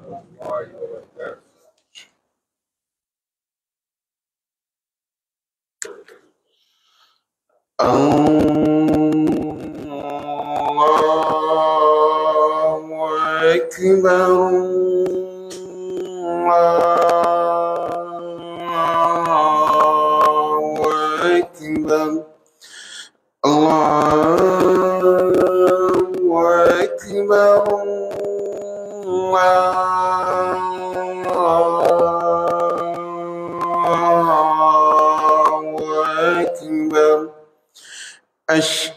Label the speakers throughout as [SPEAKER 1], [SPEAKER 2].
[SPEAKER 1] of royal heritage. الله أكبر flesh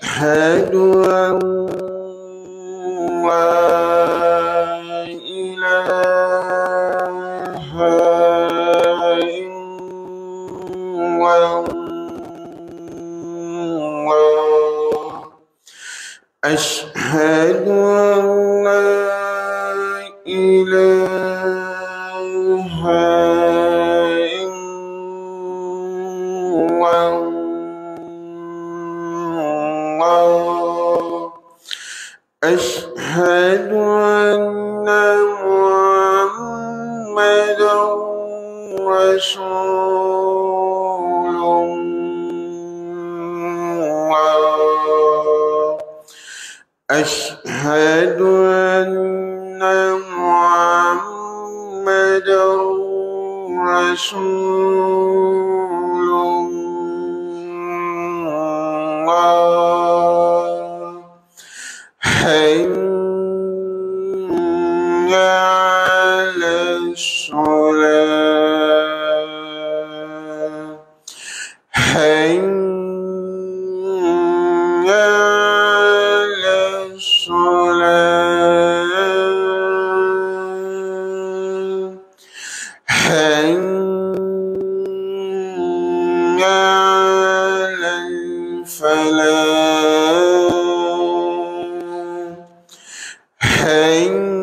[SPEAKER 1] hiện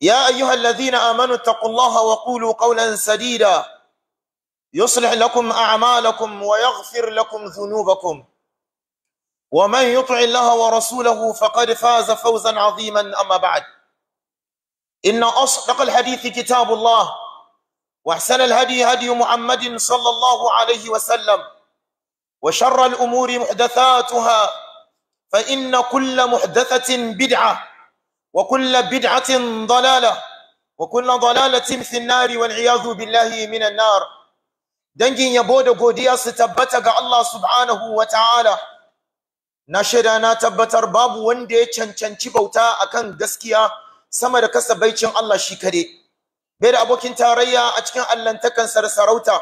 [SPEAKER 2] يا أيها الذين آمنوا اتقوا الله وقولوا قولا سديدا يصلح لكم أعمالكم ويغفر لكم ذنوبكم ومن يطع الله ورسوله فقد فاز فوزا عظيما أما بعد إن أصدق الحديث كتاب الله وأحسن الهدي هدي محمد صلى الله عليه وسلم وشر الأمور محدثاتها فإن كل محدثة بدعة وكل بدعة ضلالة وكل ضلالة في النار والعياذ بالله dangin yabo da godiya su tabbata ga Allah subhanahu wa ta'ala na shaida na tabbatar babu wanda ya cancanci bauta a kan gaskiya sama da kasabaicin Allah shi kadai. bai da abokin tarayya a cikin allantakan sarauta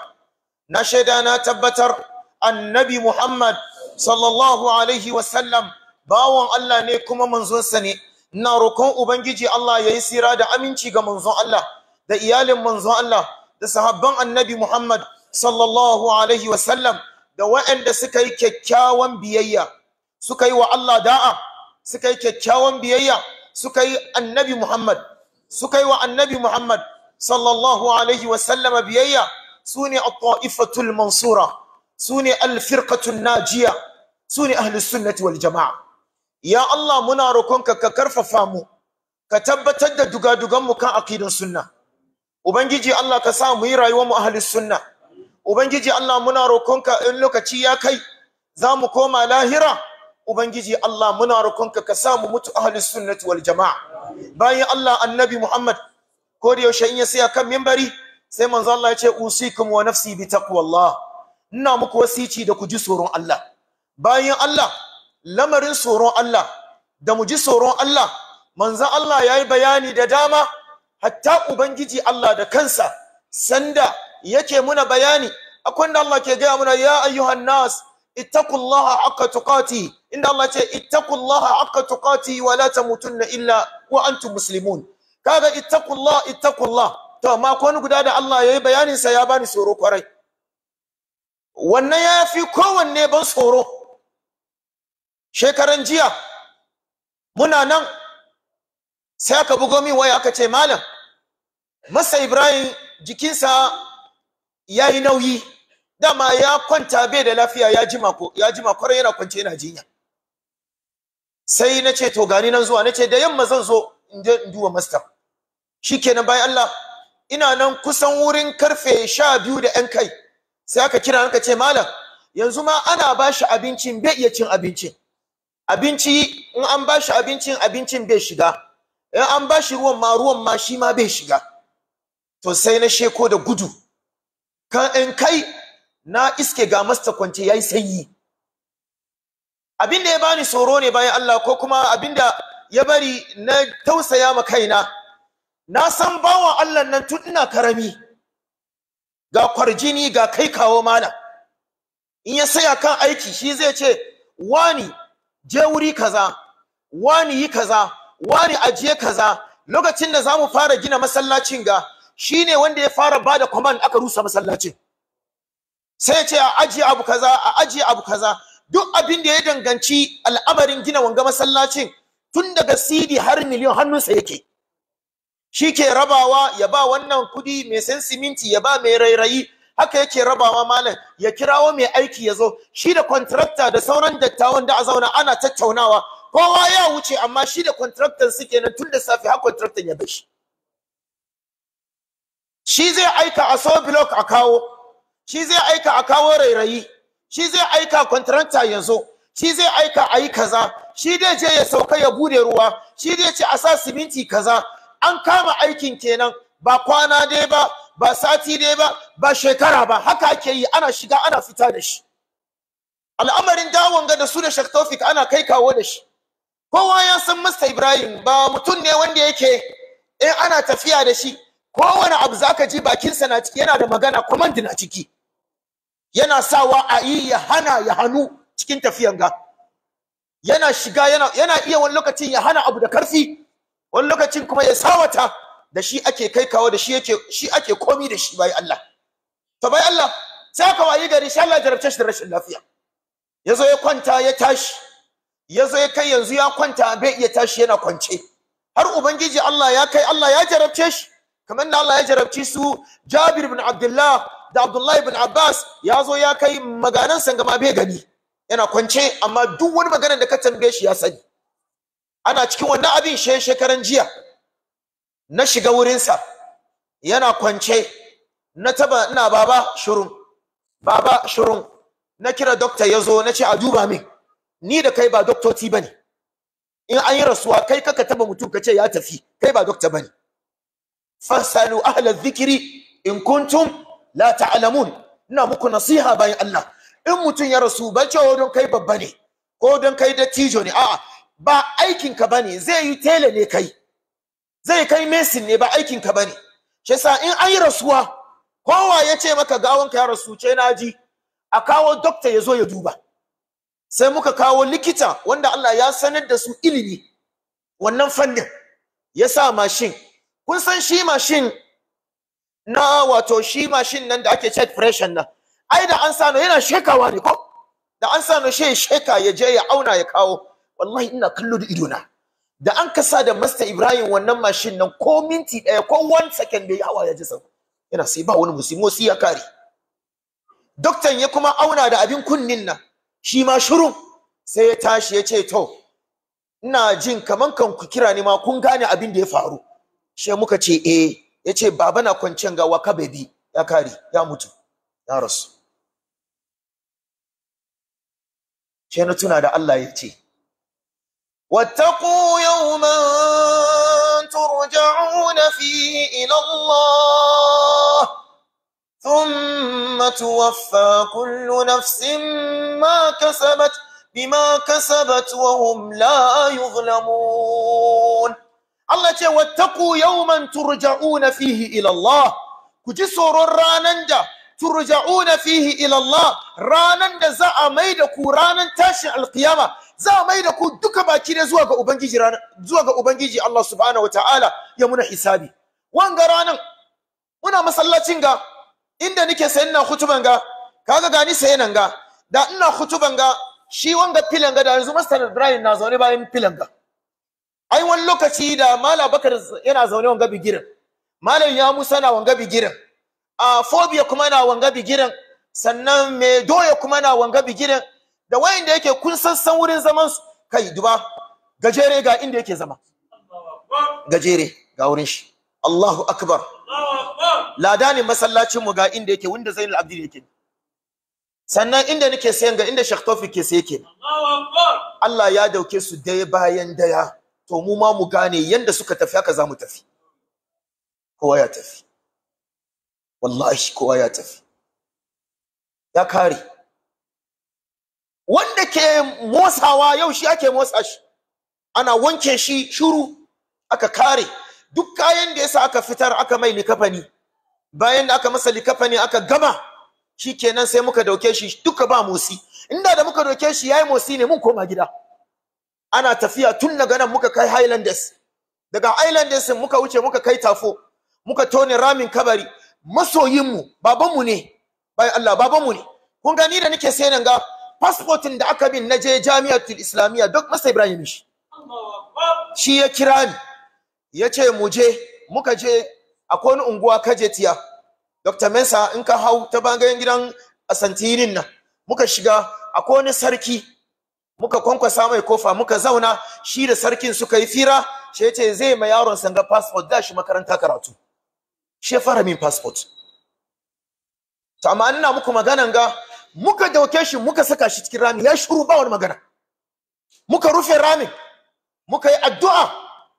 [SPEAKER 2] na shaida na tabbatar annabi Muhammad sallallahu alaihi wa sallam bawon Allah ne kuma manzonsa ne ina roƙon ubangiji Allah yayi sira da aminci ga manzon Allah da iyalin manzon Allah da sahabban annabi Muhammad sallallahu alaihi wasallam da waɗanda suka yi kyakkyawan biyayya suka yi wa Allah da'a suka yi kyakkyawan biyayya suka yi annabi Muhammad suka yi wa annabi Muhammad sallallahu alaihi wasallama biyayya sune at-ta'ifatul mansura sune al-firqatul najiya sune ahlus sunnati wal jama'a ya Allah muna rokonka ka karfafa mu ka tabbatar da dugadugan mu kan aqidan sunna ubangiji Allah ka sa mu yi rayuwar mu ahli sunna ubangiji Allah muna rokonka in lokaci ya kai za mu koma lahira ubangiji Allah muna rokonka ka sa mu mutu ahli sunna wal jamaa bayan Allah annabi Muhammad ko da yaushe in ya saya kan minbari sai manzo Allah ya ce usikum wa nafsi bi taqwallah ina muku wasici da ku ji tsoron Allah bayan Allah lamarin tsoron Allah da mu ji tsoron Allah manzan Allah ya yi bayani da dama hatta ubangiji Allah da kansa sanda yake muna bayani akwai da Allah ke gaya muna ya ayyuhan nas ittaqullaha haqqa tuqati inda Allah ce ittaqullaha haqqa tuqati wa la tamutunna illa wa antum muslimun kaga ittaqullah ittaqullah to ma ko guda da Allah ya yi bayaninsa ya bani tsoro kwarai wannan ya fi kowanne ban tsoro shekaran jiya muna nan sai aka bugo min waya aka ce malam masa ibrahim jikinsa ya yi nauyi dama ya kwanta bai da lafiya ya jima ko ya jima mako yana kwance yana jinya sai na ce to gani nan zuwa na ce da yamma zan zo in je in duba masta shikenan bayan Allah ina nan kusan wurin karfe sha biyu da yan kai sai aka kira aka ce malam yanzu ma ana bashi abincin bai iya cin abincin abinci in an ba shi abincin abincin bai shiga in an ba shi ruwan ma ruwan ma shi ma bai shiga to sai na sheko da gudu kan in kai na iske ga masta kwance yayi sanyi abinda ya bani tsoro ne bayan Allah ko kuma abinda ya bari na tausaya ma kaina na san bawan Allah nan tun ina karami ga kwarjini ga kai kawo mana in ya saya kan aiki shi zai ce wani je wuri kaza wani yi kaza wani ajiye kaza lokacin da zamu fara gina masallacin ga shine wanda ya fara bada command aka rusa masallacin sai ya ce a ajiye abu kaza a ajiye abu kaza duk abin da ya danganci al'amarin gina wanga masallacin tun daga CD har miliyon hannunsa yake shi ke rabawa ya ba wannan kudi mai san siminti ya ba mai rairayi haka yake rabawa malam ya kirawo mai aiki ya zo shi da contractor da sauran dattawan da a zauna ana tattaunawa kowa ya wuce amma shi da contractor suke nan tun da safe har contractor ya bashi shi zai aika a so block a kawo shi zai aika a kawo rairayi shi zai aika contractor ya zo shi zai aika a yi kaza shi dai je ya sauka ya bude ruwa shi dai ce a sa siminti kaza an kama aikin kenan ba kwana dai ba ba sati dai ba ba shekara ba haka ake yi ana shiga ana fita da shi al'amarin dawon ga da su da shaktofik ana kai kawo da shi kowa ya san mista ibrahim ba mutum ne wanda yake in ana tafiya da shi kowane abu zaka ji bakinsa na ciki yana da magana command na ciki yana sawa a yi ya hana ya hannu cikin tafiyan ga yana shiga yana iya wani lokacin ya hana abu da karfi wani lokacin kuma ya sawata da shi ake kai kawo da shi yake shi ake komi da shi bai Allah to bai Allah sai ka wayi gari insha Allah jarabta shi da rashin lafiya yazo ya kwanta ya tashi yazo ya kai yanzu ya kwanta bai iya tashi yana kwance har ubangiji Allah ya kai Allah ya jarabce shi kamar da Allah ya jarabci su Jabir bin Abdullah da Abdullah bin Abbas ya zo ya kai maganan sangama bai gani yana kwance amma duk wani maganar da ka tambaye shi ya sani ana cikin wannan abin shekaran jiya na shiga wurinsa yana kwance na taba ina baba shurun baba shurun na kira dokta ya zo na ce a duba min ni da kai ba doktoci ba ne in an yi rasuwa kai kaka taba mutum ka ce ya tafi kai ba dokta ba ne fasalu ahla zikiri in kuntum la alamun. ina muku nasiha bayan Allah in mutum ya rasu ba ce oh, don kai babba ne ko don kai dattijo ne a'a ba aikinka ba ne zai yi tele ne kai zai kai mesin ne ba aikin ka bane shi yasa in an yi rasuwa kowa ya ce maka ka ya rasu ce na ji a kawo dokta ya zo ya duba sai muka kawo likita wanda Allah ya sanar da su ilimi wannan fannin ya sa mashin kun san shi mashin na wato shi mashin nan da ake check pressure nan ai da an sano yana shekawa ne ko da an sano shi sheka ya je ya auna ya kawo wallahi ina kallo da idona da an kasa da Masta Ibrahim wannan mashin nan ko minti ɗaya ko one second bai hawa ya ji yana sai ba wani musulmi sai ya kare doktan ya kuma auna da abin kunnin nan shi ma shuru sai ya tashi ya ce to ina jin kaman kan ku kira ni ma kun gane abin da ya faru she muka ce eh ya ce baba na kwancen ga waka baby ya kare ya mutu ya rasu she na tuna da Allah ya ce واتقوا يوما ترجعون فيه إلى الله ثم توفى كل نفس ما كسبت بما كسبت وهم لا يظلمون الله تعالى واتقوا يوما ترجعون فيه إلى الله كجسر الرانجة ترجعون فيه إلى الله رانا زأ ميدك رانا تاشع القيامة za mai da ku duka baki ne zuwa ga ubangiji zuwa ga ubangiji Allah subhanahu wataala ya muna hisabi wanga ranan muna masallacin ga inda nike sai ina hutuban ga kaga gani sai nan ga da ina hutuban ga shi wanga filan ga da yanzu Master Ibrahim na zaune bayan filan ga ai wani lokaci da Malam Bakar yana zaune wanga bigirin Malam ya Musa na wanga bigirin a phobia kuma na wanga bigirin sannan me doya kuma na wanga bigirin da wayan da yake kun san wurin zaman su kai duba gajere ga inda yake zama gajere ga wurin shi Allahu akbar ladanin masallacin mu ga inda yake wanda Zainul Abidin yake sannan inda nake sayan ga inda Sheikh Tawfik ke saye ke Allah ya dauke su daya bayan daya to mu ma mu gane yanda suka tafi haka zamu tafi kowa ya tafi wallahi kowa ya tafi ya kare wanda ke motsawa yau shi ake motsa shi ana wanke shi shuru aka kare duk kayan da yasa aka fitar aka mai likafani bayan da aka masa likafani aka gama shi shikenan sai muka dauke shi duka ba motsi inda da muka dauke shi yayi motsi ne mun koma gida ana tafiya tun daga nan muka kai Highlanders daga Highlanders muka wuce muka kai Tafo muka tone ramin kabari masoyinmu babanmu ne bai Allah babanmu ne kun gani da nake sai nan ga fasfotin da aka bin na je jami'atul islamiyya duk masa ibrahim shi shi ya kira ni ya ce mu je muka je akwai wani unguwa kaje tiya dr mensa in ka hau ta bangaren gidan asantinin nan muka shiga akwai wani sarki muka kwankwasa mai kofa muka zauna shi da sarkin suka yi fira shi ya ce zai ma yaron sanga fasfot da shi makaranta karatu shi ya fara min fasfot. to amma ina muku maganan ga muka dauke shi muka saka shi cikin rami ya shuru ba magana muka rufe ramin muka yi addu'a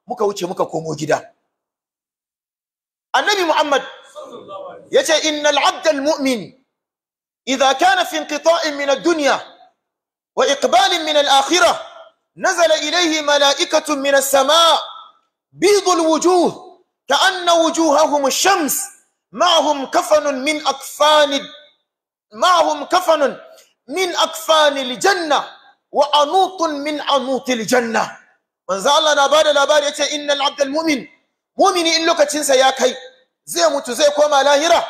[SPEAKER 2] muka wuce muka komo gida annabi muhammad yace innal abda almu'min idha kana fi inqita'in min ad-dunya wa iqbalin min al-akhirah nazala ilayhi mala'ikatun min as-sama' bidul wujuh ka'anna wujuhahum ash-shams ma'ahum kafanun min akfanid معهم kafanin min akfanil janna wa anutun min anutil janna manzo na bada labari yace innal abdal mu'min mu'mini in lokacin ya kai zai mutu zai koma lahira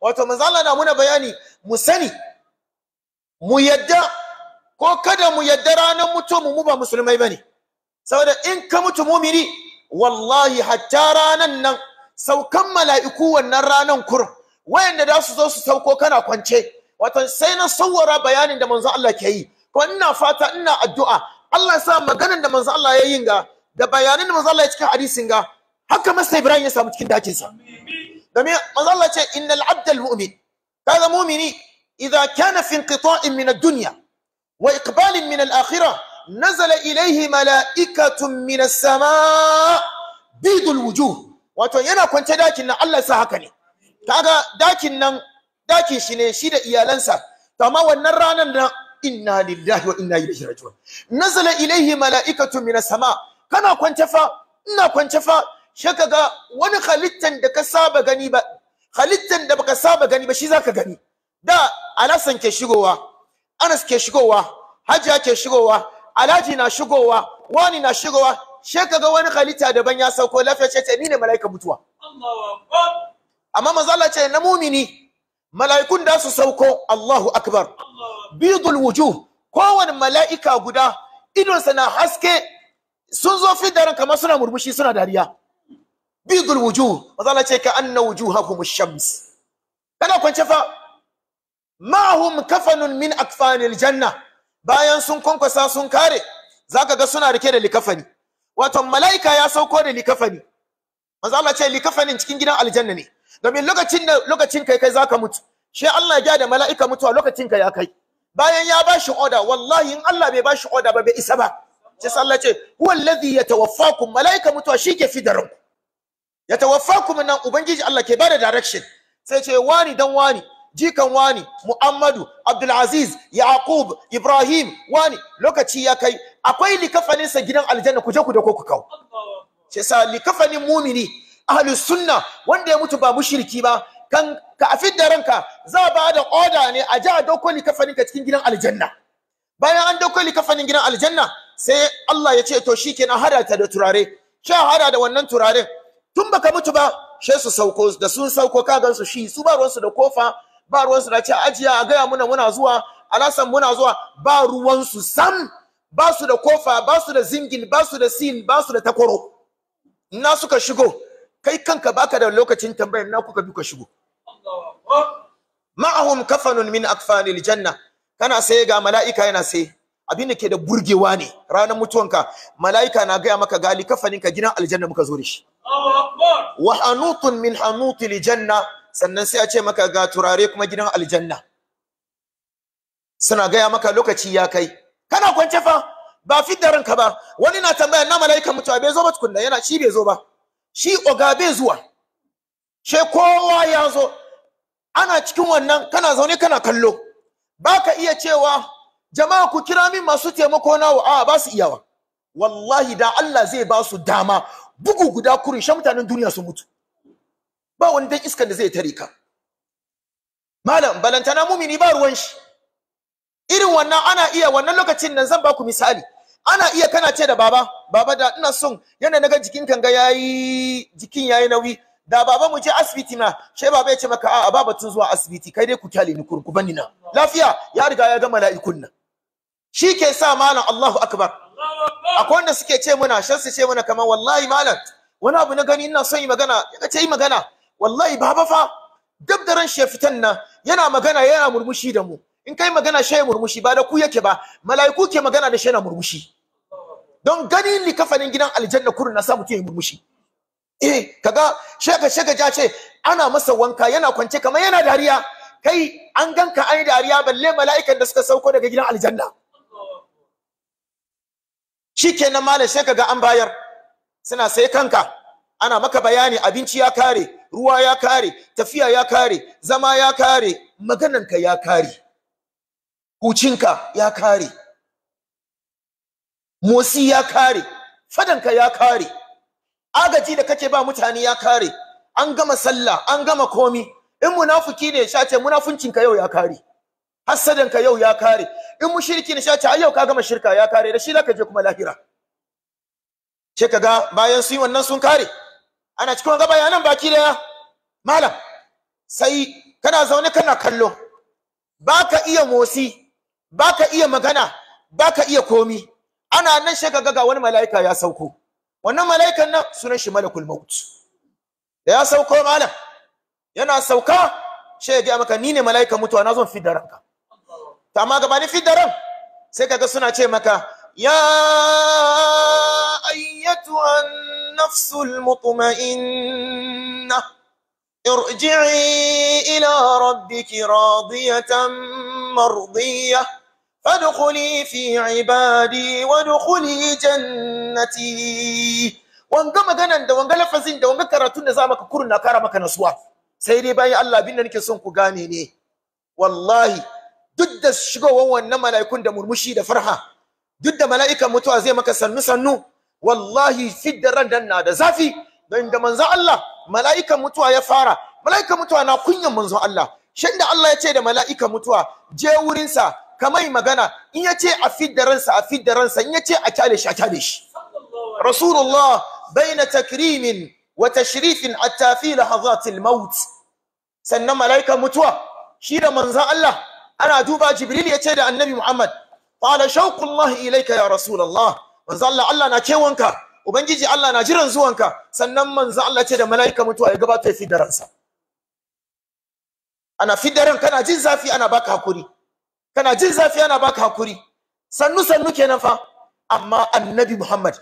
[SPEAKER 2] wato manzo na muna bayani mu sani mu yadda ko kada mu yadda ranar mutu mu mu ba musulmai bane saboda in ka mutu mu'mini wallahi hatta ranan nan saukan mala'iku wannan ranan kur wayanda da su zo su sauko kana kwance wato sai na sawwara bayanin da manzon Allah ke yi ko ina fata ina addu'a Allah ya sa maganar da manzon Allah ya yi ga da bayanin da manzon Allah ya cika hadisin ga haka masa Ibrahim ya samu cikin dakin sa domin manzon Allah ce innal abdal mu'min kaga mu'mini idza kana fi inqita'in min ad-dunya wa iqbalin min al-akhirah nazala ilayhi mala'ikatun min as-samaa bidul wujuh wato yana kwance dakin nan Allah ya sa haka ne kaga dakin nan dakin shi ne shi da iyalansa to amma wannan ranan da inna lillahi wa inna ilaihi raji'un nazala ilaihi mala'ikatu minas sama kana kwance fa ina kwance fa sai kaga wani halittan da ka saba gani ba halittan da baka saba gani ba shi zaka gani da alasan ke shigowa anas ke shigowa hajiya ke shigowa alhaji na shigowa wani na shigowa sai kaga wani halitta daban ya sauko lafiya ce ce ni ne mala'ika mutuwa amma manzo Allah ce na mumini mala'ikun da su sauko Allahu akbar bidul wujuh kowane mala'ika guda idonsa na haske sun zo fi daren kamar suna murmushi suna dariya bidul wujuh mazala ce ka anna wujuhakum shams kana kwance fa ma'ahum kafanun min akfanil janna bayan sun kwankwasa sun kare zaka ga suna rike da likafani wato mala'ika ya sauko da likafani manzo Allah ce likafanin cikin gidan aljanna ne domin lokacin da lokacin kai kai zaka mutu shi Allah ya da mala'ika mutuwa lokacin ka ya kai bayan ya bashi oda wallahi in Allah bai bashi oda ba bai isa ba sai Allah ce huwa alladhi yatawaffakum mala'ika mutuwa shi ke fidarin ku yatawaffakum nan ubangiji Allah ke bada direction sai ce wani dan wani jikan wani Muhammadu Abdulaziz Yaqub Ibrahim wani lokaci ya kai akwai likafaninsa gidan aljanna ku je ku da ku kawo sai sa likafanin mumini ahlus sunna wanda ya mutu ba mushriki ba kan ka afid da ranka za ba da order ne a ji a ni likafanin ka cikin gidan aljanna bayan an dauko likafanin gidan aljanna sai Allah ya ce to shikenan hada ta da turare sha hada da wannan turaren tun baka mutu ba she su sauko da sun sauko ka gansu shi su ba ruwansu da kofa ba ruwansu da ce ajiya a gaya muna muna zuwa alasan muna zuwa ba ruwansu sam ba su da kofa ba su da zingin ba su da sin ba su da takwaro na suka shigo kai kanka baka da lokacin tambayar na kuka bi ka shigo ma'ahum kafanun min akfanil janna kana sai ga mala'ika yana sai abin da ke da burgewa ne ranar mutuwanka mala'ika na gaya maka gali ka gidan aljanna muka zo da shi wa hanutun min hanutil janna sannan sai a ce maka ga turare kuma gidan aljanna suna gaya maka lokaci ya kai kana kwance fa ba fitarin ka ba wani na tambaya na mala'ika mutuwa bai zo ba tukunna yana shi bai zo ba shi oga bai zuwa she kowa ya zo ana cikin wannan kana zaune kana kallo baka iya cewa jama'a ku kira min masu taimako na wa a ba su iyawa wallahi da Allah zai ba su dama bugu guda kurin shan mutanen duniya su mutu ba wani dan iskan da zai tare ka malam balantana mumini ba ruwan shi irin wannan ana iya wannan lokacin nan zan ba ku misali ana iya kana ce da baba baba da ina son yana naga jikin kan ga yayi jikin yayi nauyi da baba mu je asibiti na she baba ya ce maka a ba batun zuwa asibiti kai dai ku kyale ni kurku bani na lafiya ya riga ya ga mala'ikun nan shi ke sa malam Allahu akbar akwai wanda suke ce muna shan su ce muna kamar wallahi malam wani abu na gani ina son yi magana ya ce yi magana wallahi baba fa dab da shefitan nan yana magana yana murmushi da mu in kai magana shi murmushi ba da ku yake ba mala'iku ke magana da shi na murmushi don gani ganin kafanin gidan aljanna kurun na samu mutum murmushi eh kaga shaka shaka ja ce ana masa wanka yana kwance kamar yana dariya kai an ganka ai dariya balle mala'ikan da suka sauko daga gidan aljanna shikenan malam sai kaga an bayar suna sai kanka ana maka bayani abinci ya kare ruwa ya kare tafiya ya kare zama ya kare ka ya kare hucinka ya kare motsi ya kare fadanka ya kare agaji da kake ba mutane ya kare an gama sallah an gama komi in munafiki ne sha ce munafuncinka yau ya kare hasadanka yau ya kare in mushriki ne sha ce yau ka gama shirka ya kare da shi zaka je kuma lahira sai kaga bayan sun yi wannan sun kare ana cikin ga bayanan baki daya malam sai kana zaune kana kallo baka iya motsi baka iya magana baka iya komi ana nan sai kaga ga wani mala'ika ya sauko wannan mala'ikan nan sunan shi malakul maut da ya sauko malam yana sauka sai ya ga maka ni ne mala'ikan mutuwa na zo fi da ranka to amma gabanin fi ran sai kaga suna ce maka ya ayyatuhan nafsul mutma'inna ارجعي إلى ربك راضية مرضية فادخلي في عبادي وادخلي جنتي wanga maganan da wanga lafazin da wanga karatun da za maka kurun na kara maka nasuwa sai dai bayan Allah abin da nake son ku gane ne wallahi duk da shigowar wannan mala'ikun da murmushi da farha duk da mala'ikan mutuwa zai maka sannu sannu wallahi fidda ran dan na da zafi don da Allah mala'ikan mutuwa ya fara mala'ikan mutuwa na kunyan manzon Allah shin da Allah ya ce da mala'ikan mutuwa je wurinsa mai magana in ya ce a fidda ransa a fidda ransa in ya ce a kyale shi a kyale shi rasulullah baina takrimin wa tashrifin hatta fi lahazatil maut sannan malaika mutuwa shi da manzon Allah ana duba jibril ya ce da annabi muhammad qala shauqullahi ilayka ya rasulullah manzon Allah Allah na kewanka ubangiji Allah na jiran zuwanka sannan manzon Allah ce da malaika mutuwa ya gabata ya fidda ransa ana fidda ran kana jin zafi ana baka hakuri kana jin zafi yana baka hakuri sannu sannu kenan fa amma annabi Muhammad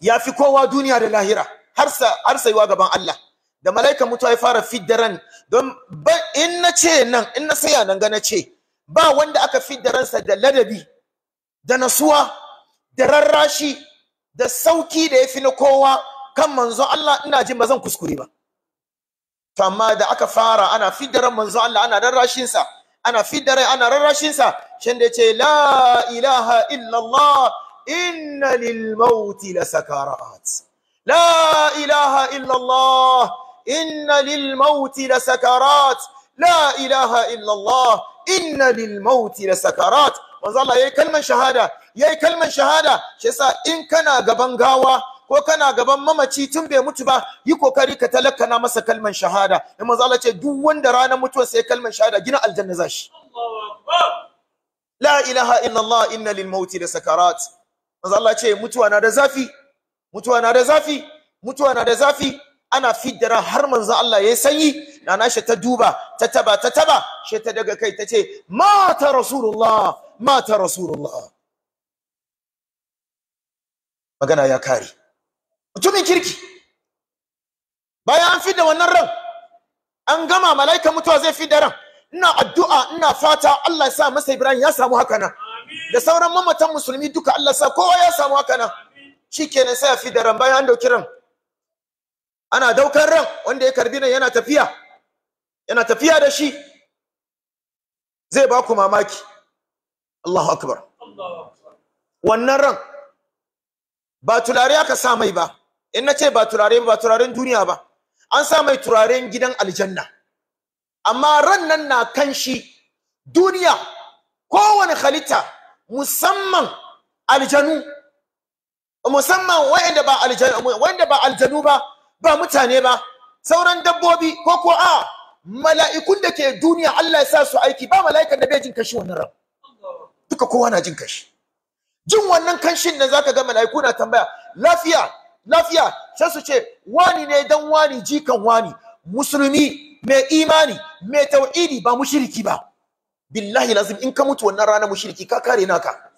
[SPEAKER 2] ya fi kowa duniya da lahira harsa har gaban Allah da malaika mutu ya fara fiddaran don in na ce nan in na saya nan ga na ce ba wanda aka fidda ransa da ladabi da nasuwa da rarrashi da sauki da ya fi na kowa kan manzo Allah ina jin ba zan kuskure ba to amma da aka fara ana fiddaran manzo Allah ana rarrashinsa ana fidda rai ana rarrashinsa sa shin da ce, la ilaha illallah! inna lil mauti la sakarat la ilaha illallah! inna lil mauti la sakarat la ilaha illallah! inna lil mauti la sakarat manzo Allah yayi kalman shahada yayi kalman shahada shi yasa in kana gaban gawa ko kana gaban mamaci tun bai mutu ba yi kokari ka na masa kalman shahada in manzo Allah ce duk wanda ranar mutuwa sai kalman shahada gina aljanna zashi la ilaha illallah inna lil mauti da sakarat manzo Allah ce mutuwa na da zafi mutuwa na da zafi mutuwa na da zafi ana fiddara har manzo Allah yayi sanyi nana shi ta duba ta taba ta taba shi ta daga kai tace ce mata rasulullah mata rasulullah magana ya kare mutumin kirki bayan an fidda wannan ran an gama malaika mutuwa zai fi da ran ina addu'a ina fata Allah ya sa masa Ibrahim ya samu haka nan da sauran mamatan musulmi duka Allah sa kowa ya samu haka nan shikenan sai ya fidda ran bayan an dauki ran ana daukar ran wanda ya karbi nan yana tafiya yana tafiya da shi zai ba ku mamaki Allahu akbar wannan ran ba tulare aka sa mai ba in na ce ba turare ba turaren duniya ba an sa mai turaren gidan aljanna amma ran nan na kan shi duniya kowane halitta musamman aljanu musamman wanda ba aljanu wanda ba aljanu ba ba mutane ba sauran dabbobi ko ko a mala'ikun da ke duniya Allah ya sa su aiki ba mala'ikan da bai jin kashi wannan ran duka kowa na jin kashi jin wannan kanshin da zaka ga mala'iku na tambaya lafiya lafiya sai su ce wani ne dan wani jikan wani musulmi mai imani mai tauhidi ba mushriki ba billahi lazim in ka mutu wannan rana mushriki ka kare naka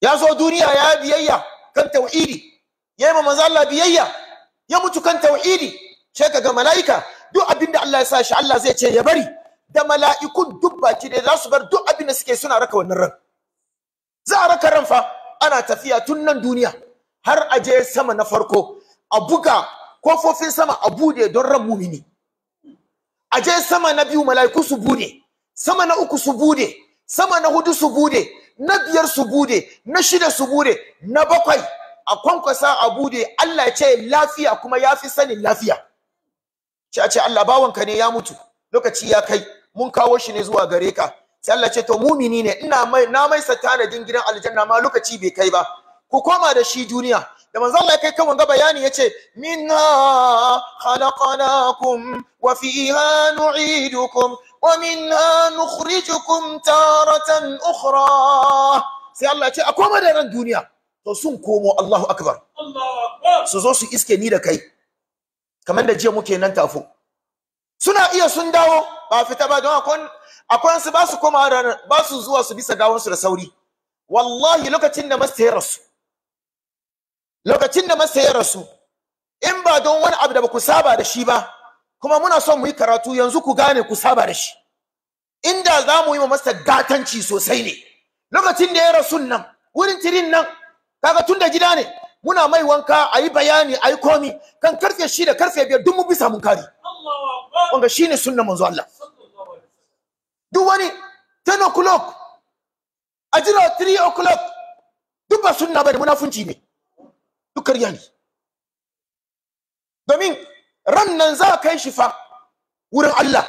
[SPEAKER 2] ya zo duniya ya biyayya kan tauhidi ya yi ma manzo Allah biyayya ya mutu kan tauhidi sai kaga malaika duk abin da Allah ya sa shi Allah zai ce ya bari da mala'ikun duk baki da za su bar duk abin da suke suna raka wannan ran za a raka ran fa ana tafiya tun nan duniya har a je sama na farko a buga kofofin sama a bude don ran mumini aje sama na biyu mala'iku su bude sama na uku su bude sama na hudu su bude na biyar su bude na shida su bude na bakwai a kwankwasa a bude Allah ya ce lafiya kuma ya fi sanin lafiya ce a ce Allah bawanka ne ya mutu lokaci ya kai mun kawo shi ne zuwa gare ka sai Allah ce to mumini ne ina mai na mai tanadin gidan aljanna ma lokaci bai kai ba ku koma da shi duniya da manzo Allah kai kan wanga bayani yace minna khalaqnakum wa fiha nu'idukum wa minha nukhrijukum taratan ukhra sai Allah ce a koma da ran duniya to sun komo Allahu akbar Allahu akbar su zo su iske ni da kai kamar da jiya muke nan tafo suna iya sun dawo ba fita ba don akwai su ba su komawa da ba su zuwa su bisa gawansu da sauri wallahi lokacin da masu ya rasu lokacin da masu ya rasu in ba don wani abu da ba ku saba da shi ba kuma muna son mu yi karatu yanzu ku gane ku saba da shi inda za mu yi wa masa gatanci sosai ne lokacin da ya rasu nan wurin tirin nan kaga tun da gida ne muna mai wanka a yi bayani a yi komi kan karfe shi da karfe biyar duk mu bisa mun kari wanga ne sunnan manzo Allah duk wani 10 o'clock a jira 3 o'clock duk ba sunna da munafunci ne duk ƙarya ne domin ran nan za ka kai shi wurin Allah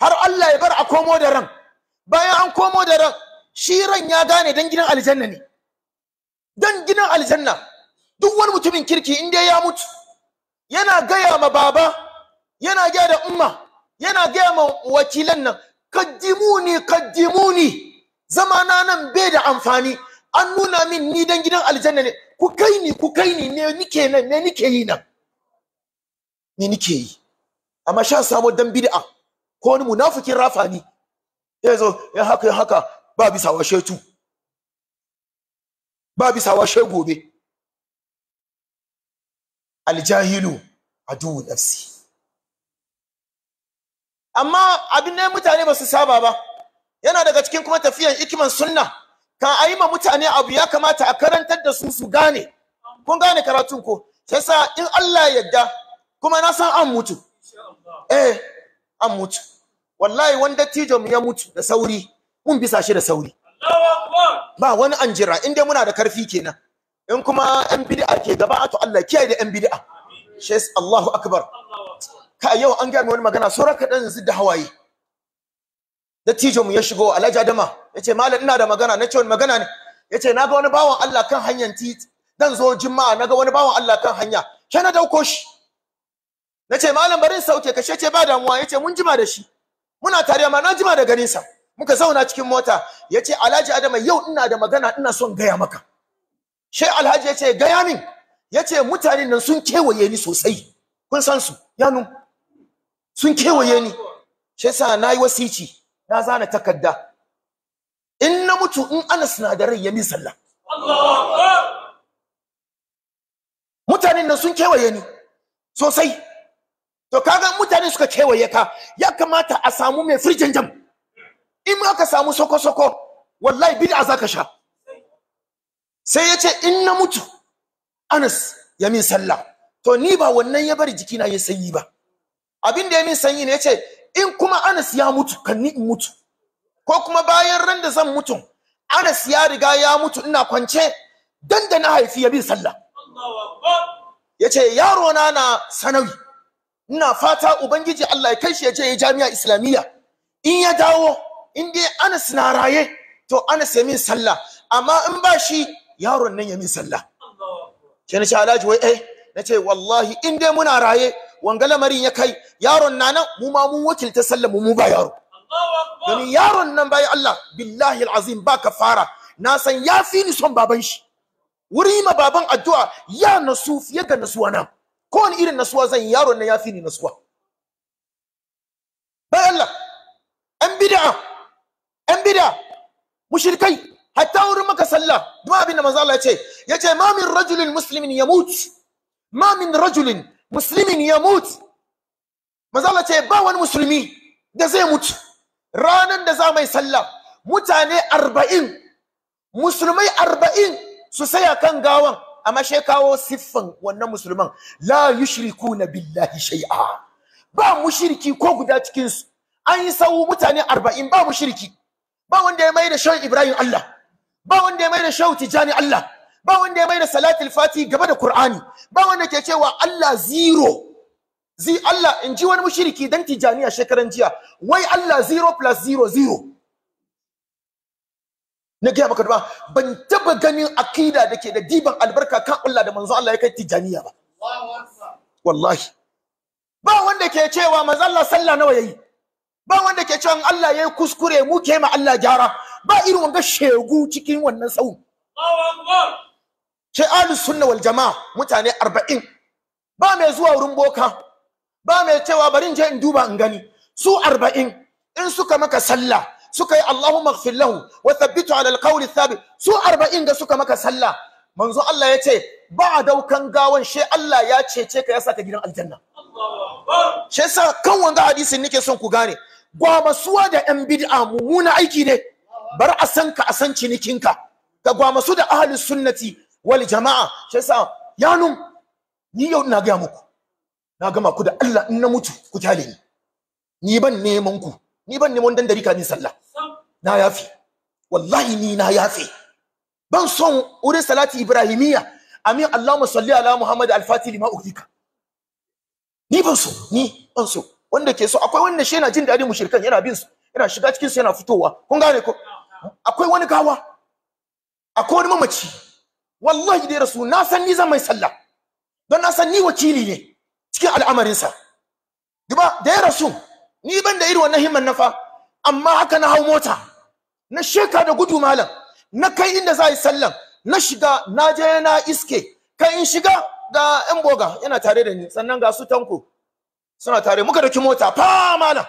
[SPEAKER 2] har Allah ya bar a komo da ran bayan an komo da ran shi ran ya gane dan gidan aljanna ne dan gidan aljanna duk wani mutumin kirki in dai ya mutu yana gaya ma baba yana gaya da umma yana gaya ma wakilan nan kaddimuni kaddimuni zamana nan bai da amfani an nuna min ni dan gidan aljanna ne ku kai ni ku kai ni ne nike nan ne nike yi nan ne nike yi amma sha samu dan bid'a ko wani munafikin rafani ya zo ya haka ya haka ba bisa washe tu ba bisa washe gobe aljahilu aduwu nafsi amma abin ne mutane ba su saba ba yana daga cikin kuma tafiyan ikiman sunna ka ayi ma mutane abu ya kamata a karantar da su su gane kun gane karatun ko sa in Allah ya yarda kuma na san an mutu eh an mutu wallahi wanda tijo mu ya mutu da sauri mun bisa shi da sauri ba wani an in dai muna da karfi kenan in kuma yan bid'a ke gaba to Allah kiyaye da yan bid'a shes Allahu akbar ka yau an gaya wani magana sauran kaɗan zid da hawaye dattijo mu ya shigo alhaji adama ya ce malam ina da magana na wani magana ne ya ce ga wani bawan allah kan hanyar ti dan zo juma'a na wani bawan allah kan hanya ke na dauko shi na ce malam bari sauke kashe ce ba damuwa yace mun jima da shi muna tare ma na jima da sa muka zauna cikin mota yace ce alhaji adama yau ina da magana ina son gaya maka shi alhaji yace ce gaya min yace mutanen nan sun kewaye ni sosai kun san su yanu sun kewaye ni shi yasa na yi wasici na zana takarda in na mutu in ana sinadarai ya min sallah mutanen nan sun kewaye ni sosai to kaga mutane suka kewaye ka ya kamata a samu mai firjin jam in aka samu soko-soko wallahi bid'a za ka sha sai ya ce in na mutu anas ya min sallah to ni ba wannan ya bari jikina ya sayi ba abin da ya min sanyi ne yace in kuma Anas ya mutu kan ni in mutu ko kuma bayan ran da zan mutu Anas ya riga ya mutu ina kwance dan da na haifi ya bi sallah yace yaro na na sanawi ina fata ubangiji Allah ya kai shi ya je jami'a islamiyya in ya dawo in dai Anas na raye to Anas ya min sallah amma in ba shi yaron nan ya min sallah kenan shi Alhaji wai eh nace wallahi in dai muna raye wanga lamarin ya kai yaron na nan mu ma mun wakilta sallamu mu ba yaro domin yaron nan bai Allah billahi alazim ba kafara na san yafi ni son baban shi wuri ma baban addu'a ya nasu fiye ga nasuwa na ko wani irin nasuwa zan yaron nan yafi ni nasuwa bai Allah an bid'a an bid'a mushrikai hatta wurin maka sallah duk abin da manzo Allah ya ce yace ma min rajulin muslimin yamut ma min rajulin Musulmin ya mutu mazala ce ba wani musulmi da zai mutu ranar da za mai sallah mutane arba'in musulmai arba'in su saya kan gawan amma shi kawo siffan wannan musulman la na billahi shay'a ba mushriki ko guda cikin su an yi sawu mutane arba'in ba mushriki ba wanda ya mai da shan ibrahim allah ba wanda ya mai da shan tijani allah ba wanda ya mai da salatul fati gaba da qur'ani ba wanda ke cewa Allah zero zi Allah in ji wani mushriki dan tijaniya shekaran jiya wai Allah zero plus zero zero na gaya maka ba ban taba ganin akida da ke da diban albarka kan Allah da manzo Allah ya kai tijaniya ba wallahi ba wanda ke cewa manzo Allah sallah nawa yayi ba wanda ke cewa Allah yayi kuskure mu ke ma Allah gyara ba irin wanga shegu cikin wannan sau Allahu akbar shi ahlus sunna wal jamaa mutane 40 ba mai zuwa wurin boka ba mai cewa bari in je in duba in gani su 40 in suka maka sallah suka yi Allahumma ighfir lahu wa thabbitu ala alqawli thabit su 40 da suka maka sallah manzo Allah ya ce ba a daukan gawan shi Allah ya cece ka ya saka gidan aljanna shi yasa kan wanga hadisin nake son ku gane gwamasuwa da yan bid'a mumuna aiki ne bar a san ka a san cinikinka ka gwamasu da ahlus sunnati wal jama'a shi yasa nun? ni yau ina ga muku na gama ku da Allah in na mutu ku kyale ni ni ban neman ku ni ban neman dari kafin sallah na yafi wallahi ni na yafi ban son wurin salati ibrahimiyya amin allahumma salli ala muhammad al-fatih lima ukhika ni ban so ni ban so wanda ke so akwai wanda shi yana jin dadin mushrikan yana bin su yana shiga cikin su yana fitowa kun gane ko akwai wani gawa akwai wani mamaci wallahi dai rasu na san ni zan mai sallah don na san ni wakili ne cikin al'amarinsa duba da ya rasu ni ban da irin wannan himman nafa amma haka na hau mota na sheka da gudu malam na kai inda za a yi sallah, na shiga na je na iske kai in shiga ga yan boga yana tare da ni sannan ga su tanko suna tare muka dauki mota fa malam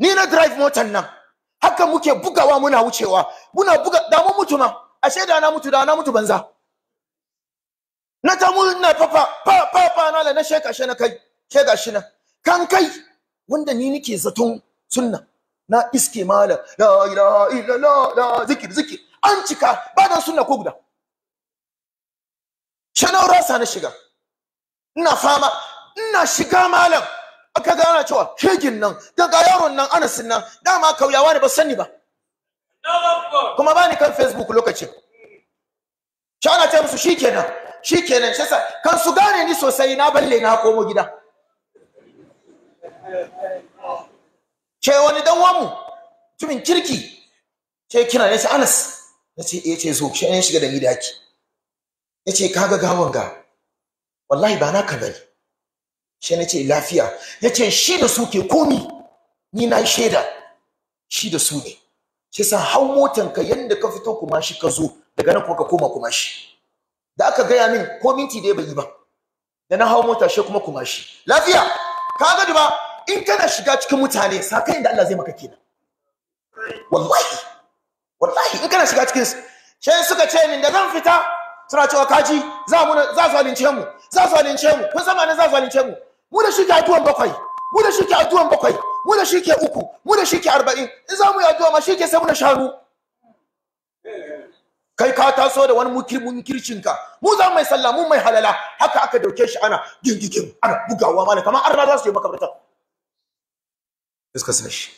[SPEAKER 2] ni na drive motan nan haka muke bugawa muna wucewa muna buga da mu mutuma ashe da na mutu da na mutu banza na ta mu na papa fa fa fa na la na sheka she na kai ga shi na kan kai wanda ni nike zaton sunna na iske mala la ilaha illallah la zikir zikir an cika ba da sunna ko guda shanan rasa na shiga ina fama ina shiga malam aka gana cewa shegin nan daga yaron nan anasin nan dama kauyawa ne ba sani ba kuma ba ni kan facebook lokacin shi ana ce musu shikenan shikenan shi sa kan su gane ni sosai na balle na komo gida ce wani dan wamu tumin kirki ce kira ne shi anas ya ce eh ce zo shi ne shiga da ni daki ya ce kaga gawan ga wallahi ba ka bane shi ne ce lafiya ya ce shi da su ke komi ni na shaida shi da su ne shi san hau motan ka yanda ka fito kuma shi ka zo daga nan kuma ka koma kuma shi da aka gaya min ko minti da bai yi ba da na hau mota shi kuma kuma shi lafiya ka ga ba in kana shiga cikin mutane sakayin da Allah zai maka kenan wallahi wallahi in kana shiga cikin su sai suka ce min da zan fita suna cewa kaji za mu za su halince mu za su halince mu kun san ma za su halince mu mu da shi ke addu'an bakwai mu da shi ke addu'an bakwai mu da shi ke uku mu da shi ke arba'in in za mu yi addu'a ma shi ke sai mu da sharu kai ka taso da wani munkircinka mu za mai sallah mu mai halala haka aka dauke shi ana gingigin ana bugawa mana kamar arna za su yi makabarta iska sai shi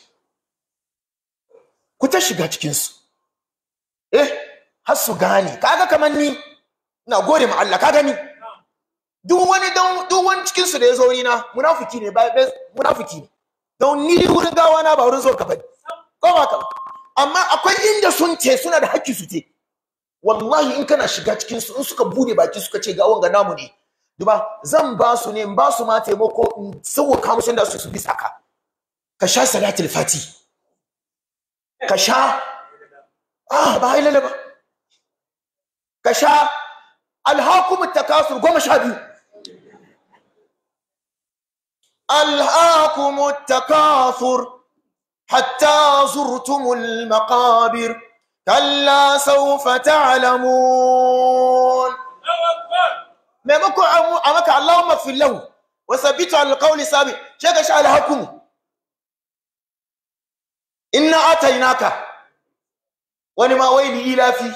[SPEAKER 2] ku ta shiga cikinsu eh har su gane kaga kamar ni ina gode ma Allah ka gani duk wani duk wani cikinsu da ya zo ni na munafiki ne munafiki ne don ni wurin gawa na ba wurin zo ka bari ko ba ka amma akwai inda sun ce suna da hakki su ce wallahi in kana shiga cikin su in suka bude baki suka ce gawan ga namu ne duba zan ba su ne in ba su ma taimako in sauwa musu da su su bi saka ka sha salatul fati ka sha ah ba hailala ba ka sha alhakum takasur goma sha biyu ألهاكم التكاثر حتى زرتم المقابر كلا سوف تعلمون maimakon a maka Allahun mafilau wasabitu alkauli sami ce ga sha alhakumu ina atainaka wani ma wai ni ilafi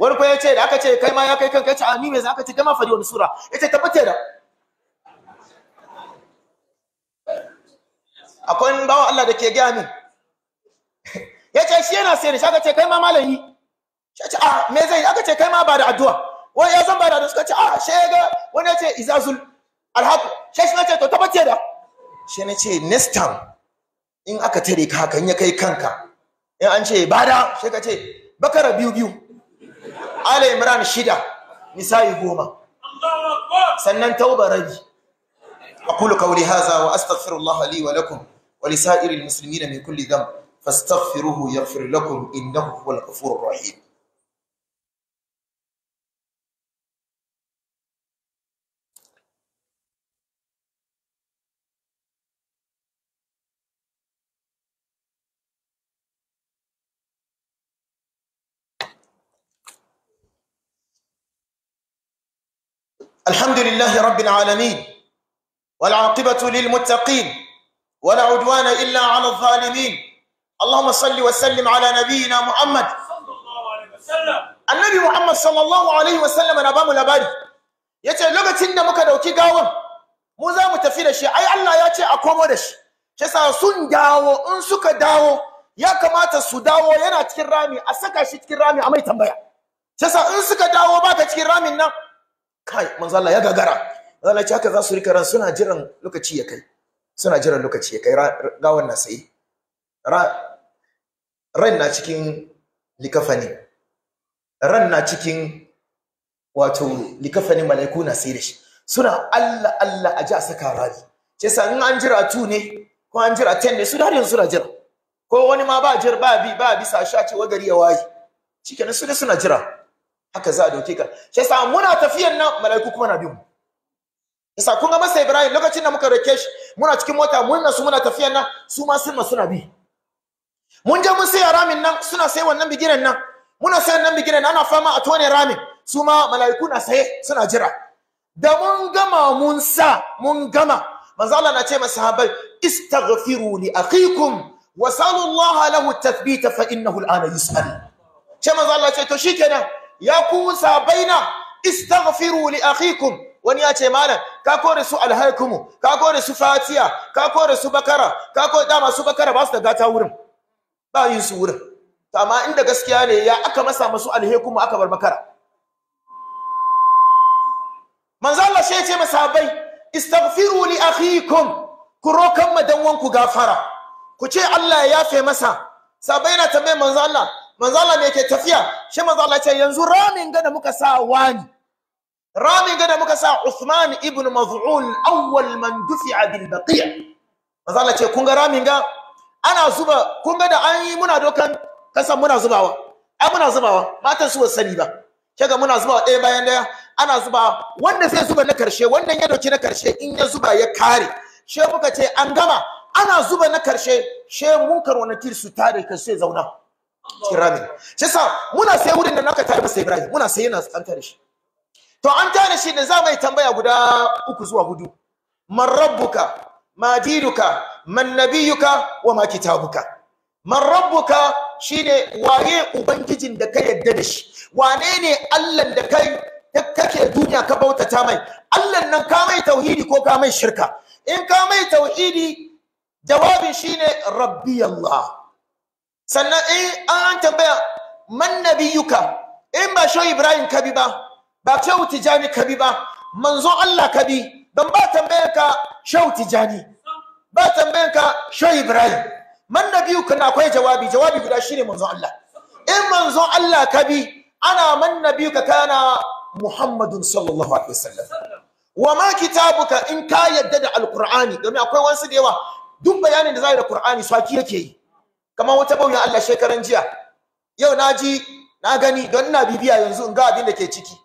[SPEAKER 2] wani ya ce da aka ce kai ma ya kai kanka ya ce a ni wani sura ya ce tabbata da akwai bawan Allah da ke gaya min ya ce shi yana sai ne shi aka ce kai ma malami shi ce a ah, me zai aka ce kai ma ba da addu'a wani ya eh, zan ba da suka ce a ah, shi ga wani ya ce izazul Alhaku shi shi ce to tabbace da shi ne ce next time in aka tare ka hakan ya kai kanka in an ce bada shi ka ce bakara biyu biyu ala imran shida nisa'i goma sannan tauba rabi أقول قولي هذا وأستغفر الله لي ولكم ولسائر المسلمين من كل ذنب فاستغفروه يغفر لكم إنه هو الغفور الرحيم الحمد لله رب العالمين والعاقبة للمتقين ولا عدوان إلا على الظالمين اللهم صل وسلم على نبينا محمد annabi muhammad sallallahu alaihi wasallama na bamu labari ya ce lokacin da muka dauki gawan mu za mu tafi da shi ai allah ya ce a komo da shi shi sun dawo in suka dawo ya kamata su dawo yana cikin rami a saka shi cikin rami a mai tambaya in suka dawo baka cikin ramin nan kai gagara manzo ce haka za su rika ran suna jiran lokaci ya kai suna jiran lokaci ya kai gawan na sai ran na cikin likafani ran na cikin wato likafani malaiku na sai da shi suna Allah Allah a ji a saka rani ce sa in an jira tu ne ko an jira ten ne su da yanzu suna jira ko wani ma ba jira ba bi ba bisa sha ce wa gari ya waye Cikin su da suna jira haka za a dauke ka ce sa muna tafiyan nan malaiku kuma na bi mu yasa kun ga masa Ibrahim lokacin da muka rake shi muna cikin mota mun nasu muna tafiyan nan su ma sun suna bi mun je mun sai ramin nan suna sai wannan bigiren nan muna sai wannan bigiren ana fama a tone ramin su ma mala'iku na saye suna jira da mun gama mun sa mun gama manzo Allah na ce masa sahabbai istaghfiru li akhikum wa salu Allah lahu tathbita fa innahu al'ana yus'al ce manzo Allah ce to shikenan ya ku sahabbaina istaghfiru li wani ya ce malam ka kore su alhaikumu ka kore su fatiya ka kore su bakara ka kore dama su bakara ba su da gata wurin ba yin su wurin to amma inda gaskiya ne ya aka masa masu alhaikumu aka bar bakara manzo Allah shi ya ce masahabai istaghfiru li akhikum ku rokan madan ku gafara ku ce Allah ya yafe masa sabai na tambayar manzo Allah manzo Allah ne yake tafiya shi manzo Allah ya ce yanzu ramin ga da muka sa wani rami ga da muka sa Uthman ibn Maz'ul awwal man dufi'a bil baqi' Maza Allah ce kun ga rami ga ana zuba kun ga da an yi muna dokan kasan muna zubawa ai muna zubawa matan su sani ba ga muna zubawa ɗaya bayan ɗaya ana zubawa wanda zai zuba na karshe wannan ya dauki na karshe in ya zuba ya kare she muka ce an gama ana zuba na karshe she munkar wani tir su tare ka sai zauna Kirami. ramin shi sa muna sai wurin da naka tare masa Ibrahim muna sai yana tsanta da shi to an tana shi da za mai tambaya guda uku zuwa hudu man rabbuka ma dinuka man nabiyuka wa ma kitabuka man rabbuka shine waye ubangijin da ka yadda da shi wane ne Allah da kai kake duniya ka bautata mai Allah nan ka mai tauhidi ko ka mai shirka in ka mai tauhidi jawabin shine rabbi Allah sannan in an tambaya man nabiyuka in ba shoyi Ibrahim kabi ba ba shehu tijani bi ba manzo Allah ka bi dan ba tambayar ka shehu tijani ba tambayar ka shehu ibrahim man nabiyu kana akwai jawabi jawabi guda shine manzo Allah in manzo Allah ka bi, ana man nabiyu ka kana muhammadun sallallahu alaihi wasallam wa ma kitabuka in ka yadda da alqur'ani domin akwai wasu da yawa duk bayanin da zai da qur'ani saki yake yi kamar wata bauya Allah shekaran jiya yau naji na gani don ina bibiya yanzu in ga abin da ke ciki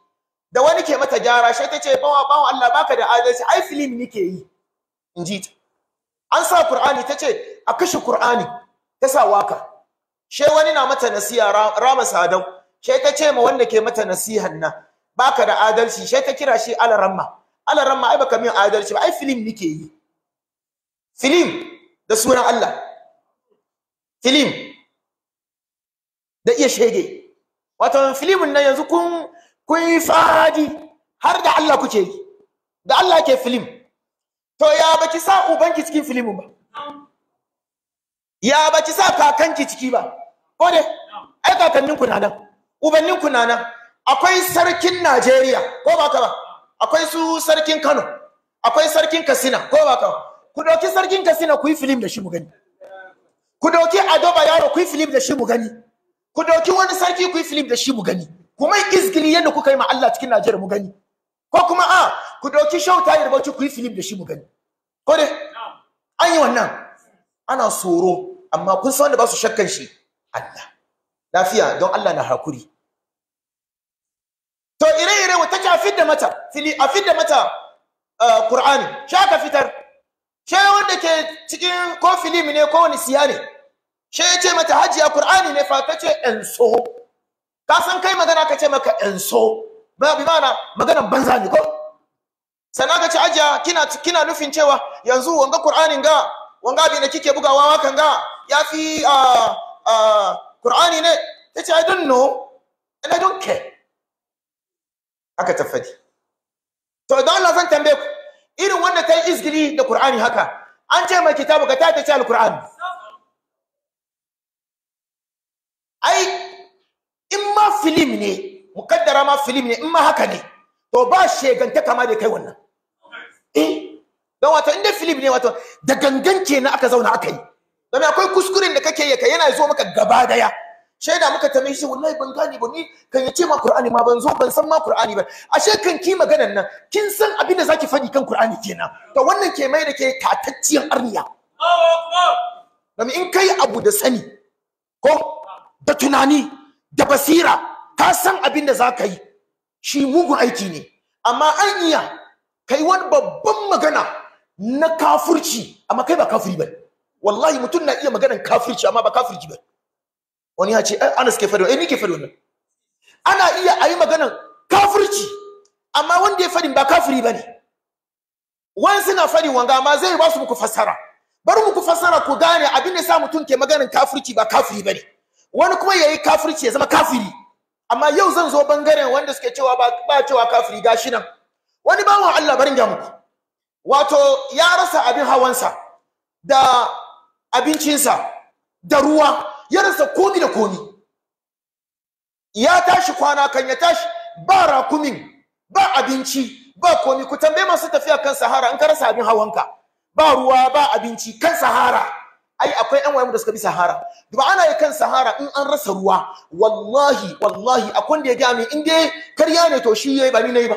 [SPEAKER 2] da wani ke mata gyara shi ta ce bawa bawa Allah baka da adalci ai film nike yi in ta an sa Qur'ani ta ce a kashe Qur'ani ta sa waka she wani na mata nasiha rama sadau she ta ce ma wanda ke mata nasihan nan baka da adalci she ta kira shi alaramma alaramma ai baka min adalci ba ai film nike yi film da sunan Allah film da iya shege wato filimin nan yanzu kun ku fadi har da Allah kuke yi da Allah ke film to ya baki sa ubanki cikin filimin ba ya baki sa kakanki ciki ba ko dai ai kakannin ku na nan ubannin ku nan akwai sarkin Najeriya ko ba ka ba akwai su sarkin Kano akwai sarkin Katsina ko ba ka ba ku doki sarkin Katsina ku yi da shi mu gani ku doki Ado Bayero ku yi da shi mu gani ku doki wani sarki ku yi da shi mu gani kuma izgili yadda kuka yi ma Allah cikin Najeriya mu gani ko kuma a ah, ku dauki show ta yarba ku yi film da shi mu gani ko dai an yi wannan ana soro amma kun san wanda ba su shakkan shi Allah lafiya don Allah na hakuri to ire-ire wata ta a fidda mata fili a da mata eh, Qur'ani sha ka fitar she wanda ke cikin ko filim ne ko wani siya ne she ya ce mata hajiya Qur'ani ne fa ta ce en so ka san kai magana ka ce maka in so ba bi mana magana banza ne ko sannan ka ci ajiya kina kina nufin cewa yanzu wanga qur'anin ga wanga abin da kike bugawa wakan ga yafi a a qur'ani ne tace i don't know and i don't care aka tafadi to idan Allah zan tambaye ku irin wanda ta yi izgili da qur'ani haka an ce mai kitabu ka ta ta ce alqur'ani film ne mukaddara ma film ne in ma haka ne to ba sheganta kama da kai wannan eh dan wato inda film ne wato da gangan kenan aka zauna aka yi dan akwai kuskuren da kake yi ka yana zo maka gaba daya shaida muka tambaye shi wallahi ban gani ba ni kan yace ma Qur'ani ma ban zo ban san ma Qur'ani ba ashe kan ki maganan nan kin san abin da zaki fadi kan Qur'ani kenan to wannan ke mai da ke tatacciyar arniya dan in kai abu da sani ko da tunani da basira ka san abin da za ka yi shi mugun aiki ne amma an iya kai wani babban magana na kafirci amma kai ba kafiri ba wallahi mutum na iya maganan kafirci amma ba kafirci ba wani ya ce eh, anas ke fadi eh, ni ke fadi wannan ana iya a yi maganan kafirci amma wanda ya fadi ba kafiri ba ne wani suna fadi wanga amma zai ba su muku fassara bari muku fassara ku gane abin da ya sa mutum ke maganan kafirci ba kafiri ba ne wani kuma ya yi kafirci ya zama kafiri amma yau zan zo bangaren wanda suke cewa ba cewa kafiri gashi nan wani bawan Allah barin ga muku wato ya rasa abin hawansa da abincinsa da ruwa ya rasa komi da komi ya tashi kwana kan ya tashi ba rakumin ba abinci ba komi ku tambaye masu tafiya kan sahara in ka rasa abin hawan ka. ba ruwa ba abinci kan sahara ai akwai yan wayemu da suka bi sahara duba ana yi kan sahara in an rasa ruwa wallahi wallahi akwai da ya gaya min in dai karya ne to shi yayi ba ni nayi ba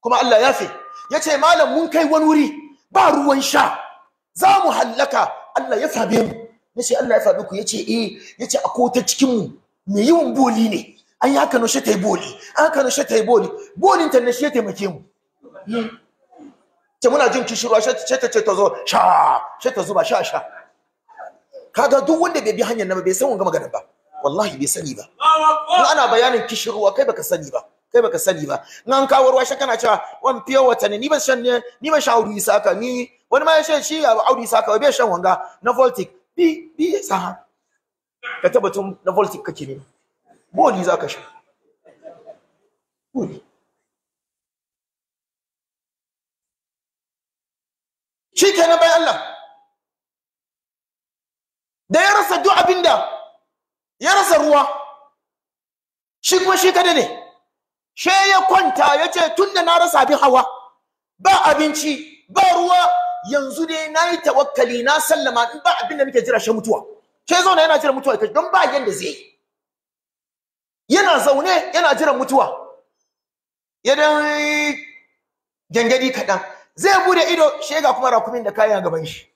[SPEAKER 2] kuma Allah ya fi ya malam mun kai wani wuri ba ruwan sha za mu hallaka Allah ya sabe mu ce Allah ya sabe ku yace ce eh ya ce ta cikin mu mai yiwon boli ne an ya kano shi ta boli an kano shi ta boli bolin ta ne shi ya taimake mu ce hmm. muna jin kishirwa shi ta ce ta zo sha shi ta zuba sha sha kaga duk wanda bai bi hanyar nan bai san wanga magana ba wallahi bai sani ba in ana bayanin kishirwa kai baka sani ba kai baka sani ba in an kawo ruwa shaka cewa wan fiye wata ne ni ban shan ne ni ban shan auri saka ni wani ma ya shan shi auri saka bai shan wanga na voltic bi bi sa ka tabbatun na voltic kake ne boli zaka sha boli shi kenan bayan Allah rasa duk abin da ya rasa ruwa shi kuma shi kada ne she ya kwanta ya ce tun da na rasa abin hawa ba abinci ba ruwa yanzu dai na yi tawakkali na sallama in ba abin da nake jira shi mutuwa she zauna yana jira mutuwa ita don ba yanda zai yi yana zaune yana jiran mutuwa ya dan gangadi kaɗan zai bude ido shega kuma rakumin da kayan gaban shi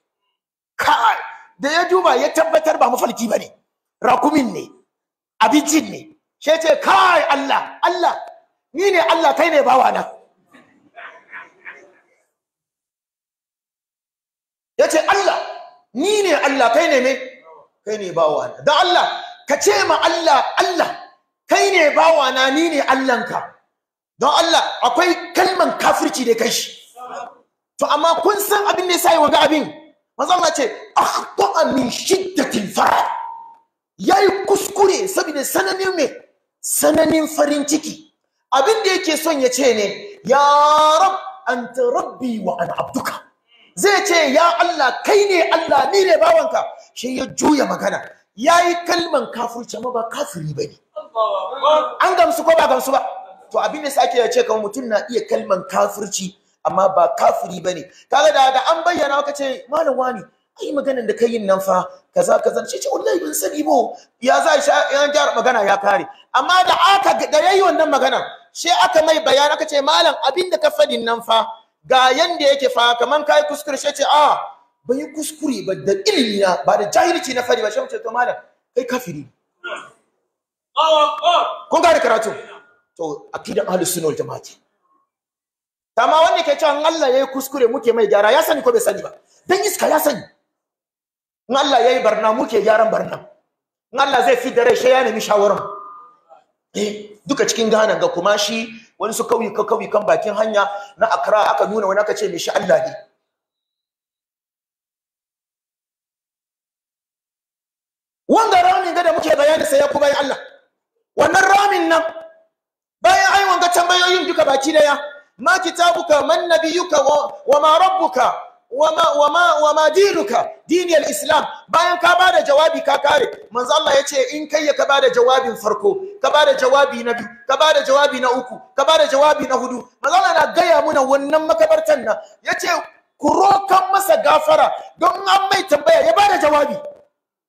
[SPEAKER 2] kai da ya duba ya tabbatar ba mafalki ba ne rakumin ne abincin ne shi ce kai Allah Allah ni ne Allah kai ne bawa na ya ce Allah ni ne Allah kai ne me kai ne bawa na da Allah ka ce ma Allah Allah kai ne bawa na ni ne Allahnka don Allah akwai kalman kafirci da kai shi to amma kun san abin da yasa yi wa ga abin manzo Allah ce akhta min shiddatil farah yayi kuskure saboda sananin me sananin farin ciki abin da yake son ya ce ne ya rab anta rabbi wa ana abduka zai ce ya Allah kai ne Allah ni ne bawanka shi ya juya magana yayi kalman kafirci ma ba kafiri bane an gamsu ko ba gamsu ba to abin da sai ake ce kan mutum na iya kalman kafirci amma ba kafiri bane kaga da da an bayyana ka ce malam wani ai maganan da kai yin nan fa kaza kaza ce ce wallahi ban sani ba. ya za shi yan gyara magana ya kare amma da aka da yayi wannan magana sai aka mai bayani ka ce malam abin da ka fadin nan fa ga yanda yake fa kaman kai kuskure sai ce a ah, ban yi kuskure ba da ilimi na ba da jahilci na fari ba sai mu ce to malam kai kafiri kun gane karatu to aqidar ahlus sunna wal jama'a amma wanda ke cewa Allah yayi kuskure muke mai gyara ya sani ko bai sani ba dan iska ya sani in Allah yayi barna muke gyaran barna in Allah zai fi rai shi ya nemi shawaran eh duka cikin gana ga kuma shi wani su kauyi ka kauyi kan bakin hanya na Accra aka nuna wani aka ce mai shi Allah ne wanda ramin ga da muke bayani sai ya ku Allah wannan ramin nan bayan ai wanga tambayoyin duka baki daya ما كتابك ما نبيك وما ربك wama wama wama dinuka diniyar islam bayan ka bada jawabi ka kare manzo Allah yace in kai ya ka bada jawabin farko ka bada jawabi na biyu ka bada jawabi na uku ka bada jawabi na hudu manzo Allah na gaya muna wannan makabartan nan yace ku rokan masa gafara don an mai tambaya ya bada jawabi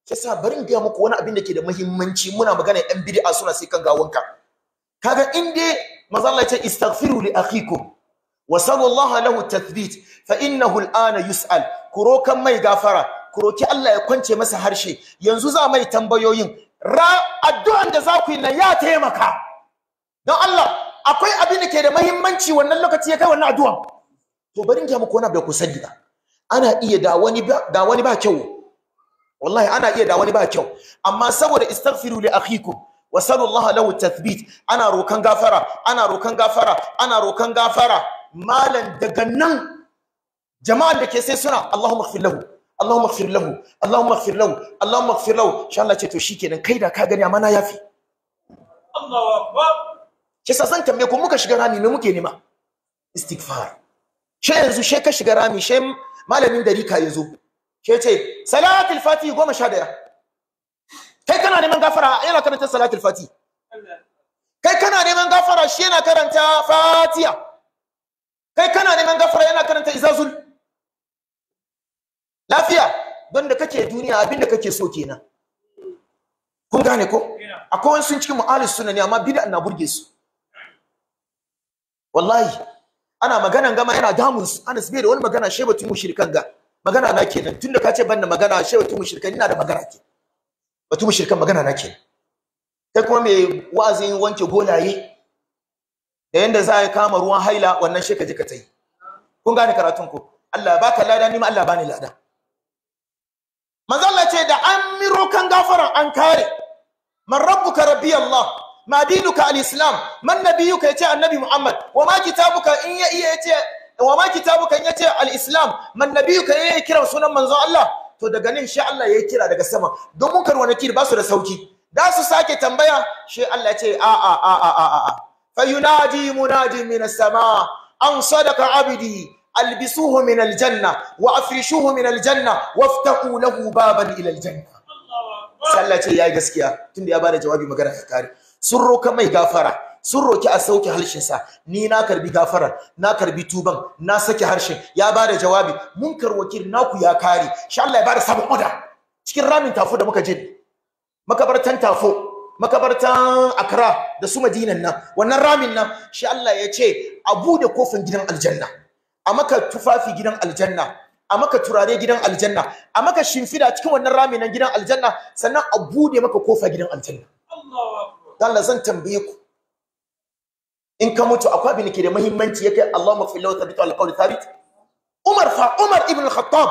[SPEAKER 2] yasa bari in gaya muku wani abin da ke da muhimmanci muna magana yan bid'a suna sai kan gawanka kaga in dai maza Allah ya ce istaghfiru li akhikum wa sallallahu lahu tathbit fa innahu al'ana yus'al kuro kan mai gafara kuroki Allah ya kwance masa harshe yanzu za mai tambayoyin addu'an da za ku yi na ya taimaka don Allah akwai abin da ke da mahimmanci wannan lokaci ya kai wannan addu'an to bari ki muku wani abu da ku sani ba ana iya da wani ba da wani ba kyau wallahi ana iya da wani ba kyau amma saboda istaghfiru li akhikum wa sallallahu lahu tathbit ana rokan gafara ana rokan gafara ana rokan gafara malan daga nan jama'an da ke sai suna Allahumma ighfir lahu Allahumma ighfir lahu Allahumma ighfir lahu Allahumma ighfir lahu insha Allah ce to shikenan kai da ka gani amma na yafi Allahu akbar kisa san tambaye ko muka shiga rami me muke nema istighfar she yanzu she ka shiga rami she malamin dariƙa yazo Ke ce salatul fatih goma sha daya kai kana neman gafara yana karanta salatul fati kai kana neman gafara shi yana karanta fatiha kai kana neman gafara yana karanta izazul lafiya don da kake duniya abin da kake so kenan kun gane ko akwai wani sun cikin mu'alis sunna ne amma bid'a na burge su wallahi ana magana gama yana damun su Anas bai da wani magana shebatu mushrikan ga magana na kenan tunda ka ce banda magana shebatu mushrikan ina da magana kenan batu mushrikan magana nake kai kuma mai wa'azin wanke golaye da yanda za a kama ruwan haila wannan shi ka ta yi. tai kun gane karatun ku Allah baka lada ni ma Allah bani lada Mazalla ce da an miro kan gafaran an kare man rabbuka rabbi Allah ma dinuka al-islam man nabiyuka yace annabi Muhammad wa ma kitabuka in ya iya yace wa ma kitabuka in yace al-islam man nabiyuka yayi kira sunan manzo Allah to daga nan shi Allah ya kira daga sama don munkar wa nakir ba su da sauki da su sake tambaya shi Allah ya ce a a a a a a fa yunadi munadi min as-sama an sadaka abidi, albisuhu min aljanna wa afrishuhu min aljanna waftaqu lahu baban ila janna. Allah ce yayi gaskiya tunda ya bada jawabi magana ka kare sun roka mai gafara sun roki a sauke harshen sa ni na karbi gafarar na karbi tuban na sake harshen ya bada jawabi munkar wakil naku ya kare insha Allah ya bada sabon oda cikin ramin tafo da muka je makabartan tafo makabartan akra da su Madinan nan wannan ramin nan shi Allah ya ce a bude kofin gidan aljanna a maka tufafi gidan aljanna a maka turare gidan aljanna a maka shimfida cikin wannan ramin nan gidan aljanna sannan a bude maka kofa gidan aljanna Allah zan tambaye ku in ka mutu akwai abin ke da muhimmanci yake Allahumma fi lahu thabit wal qawl thabit Umar fa Umar ibn al-Khattab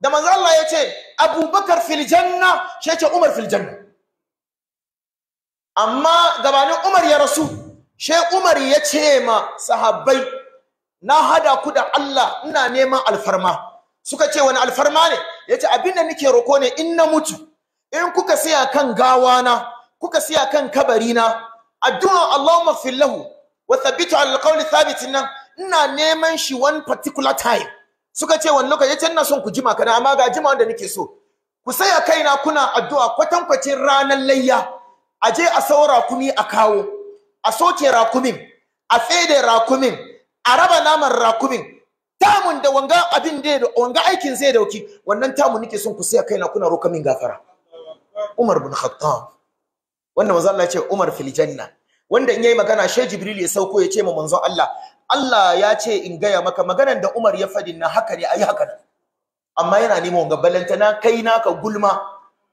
[SPEAKER 2] da manzo Allah yace Abubakar Bakar fil janna shi yace Umar fil janna amma gabanin Umar ya rasu shi Umar ya ce ma sahabbai na hada ku da Allah ina neman alfarma suka ce wani alfarma ne yace abin da nake roko ne in na mutu in kuka siya kan gawa na? kuka siya kan kabarina addu'a Allahumma fil lahu wa thabbitu al qawli nan ina neman shi one particular time suka ce wani lokaci yace ina son ku jima kana amma ga jima wanda nake so ku saya kaina kuna addu'a kwatankwacin ranar layya a je a sau rakumi a kawo a soke rakumin a fede rakumin a raba naman rakumin tamun da wanga abin da wanga aikin zai dauki wannan tamun nake son ku saya kaina kuna roƙa min gafara Umar bin Khattab wannan manzo Allah ya ce Umar fil janna wanda in yayi magana shi Jibril ya sauko ya ce ma manzon Allah Allah ya ce in gaya maka maganar da Umar ya fadin na haka ne ayi haka amma yana nemo ga balanta na kai naka gulma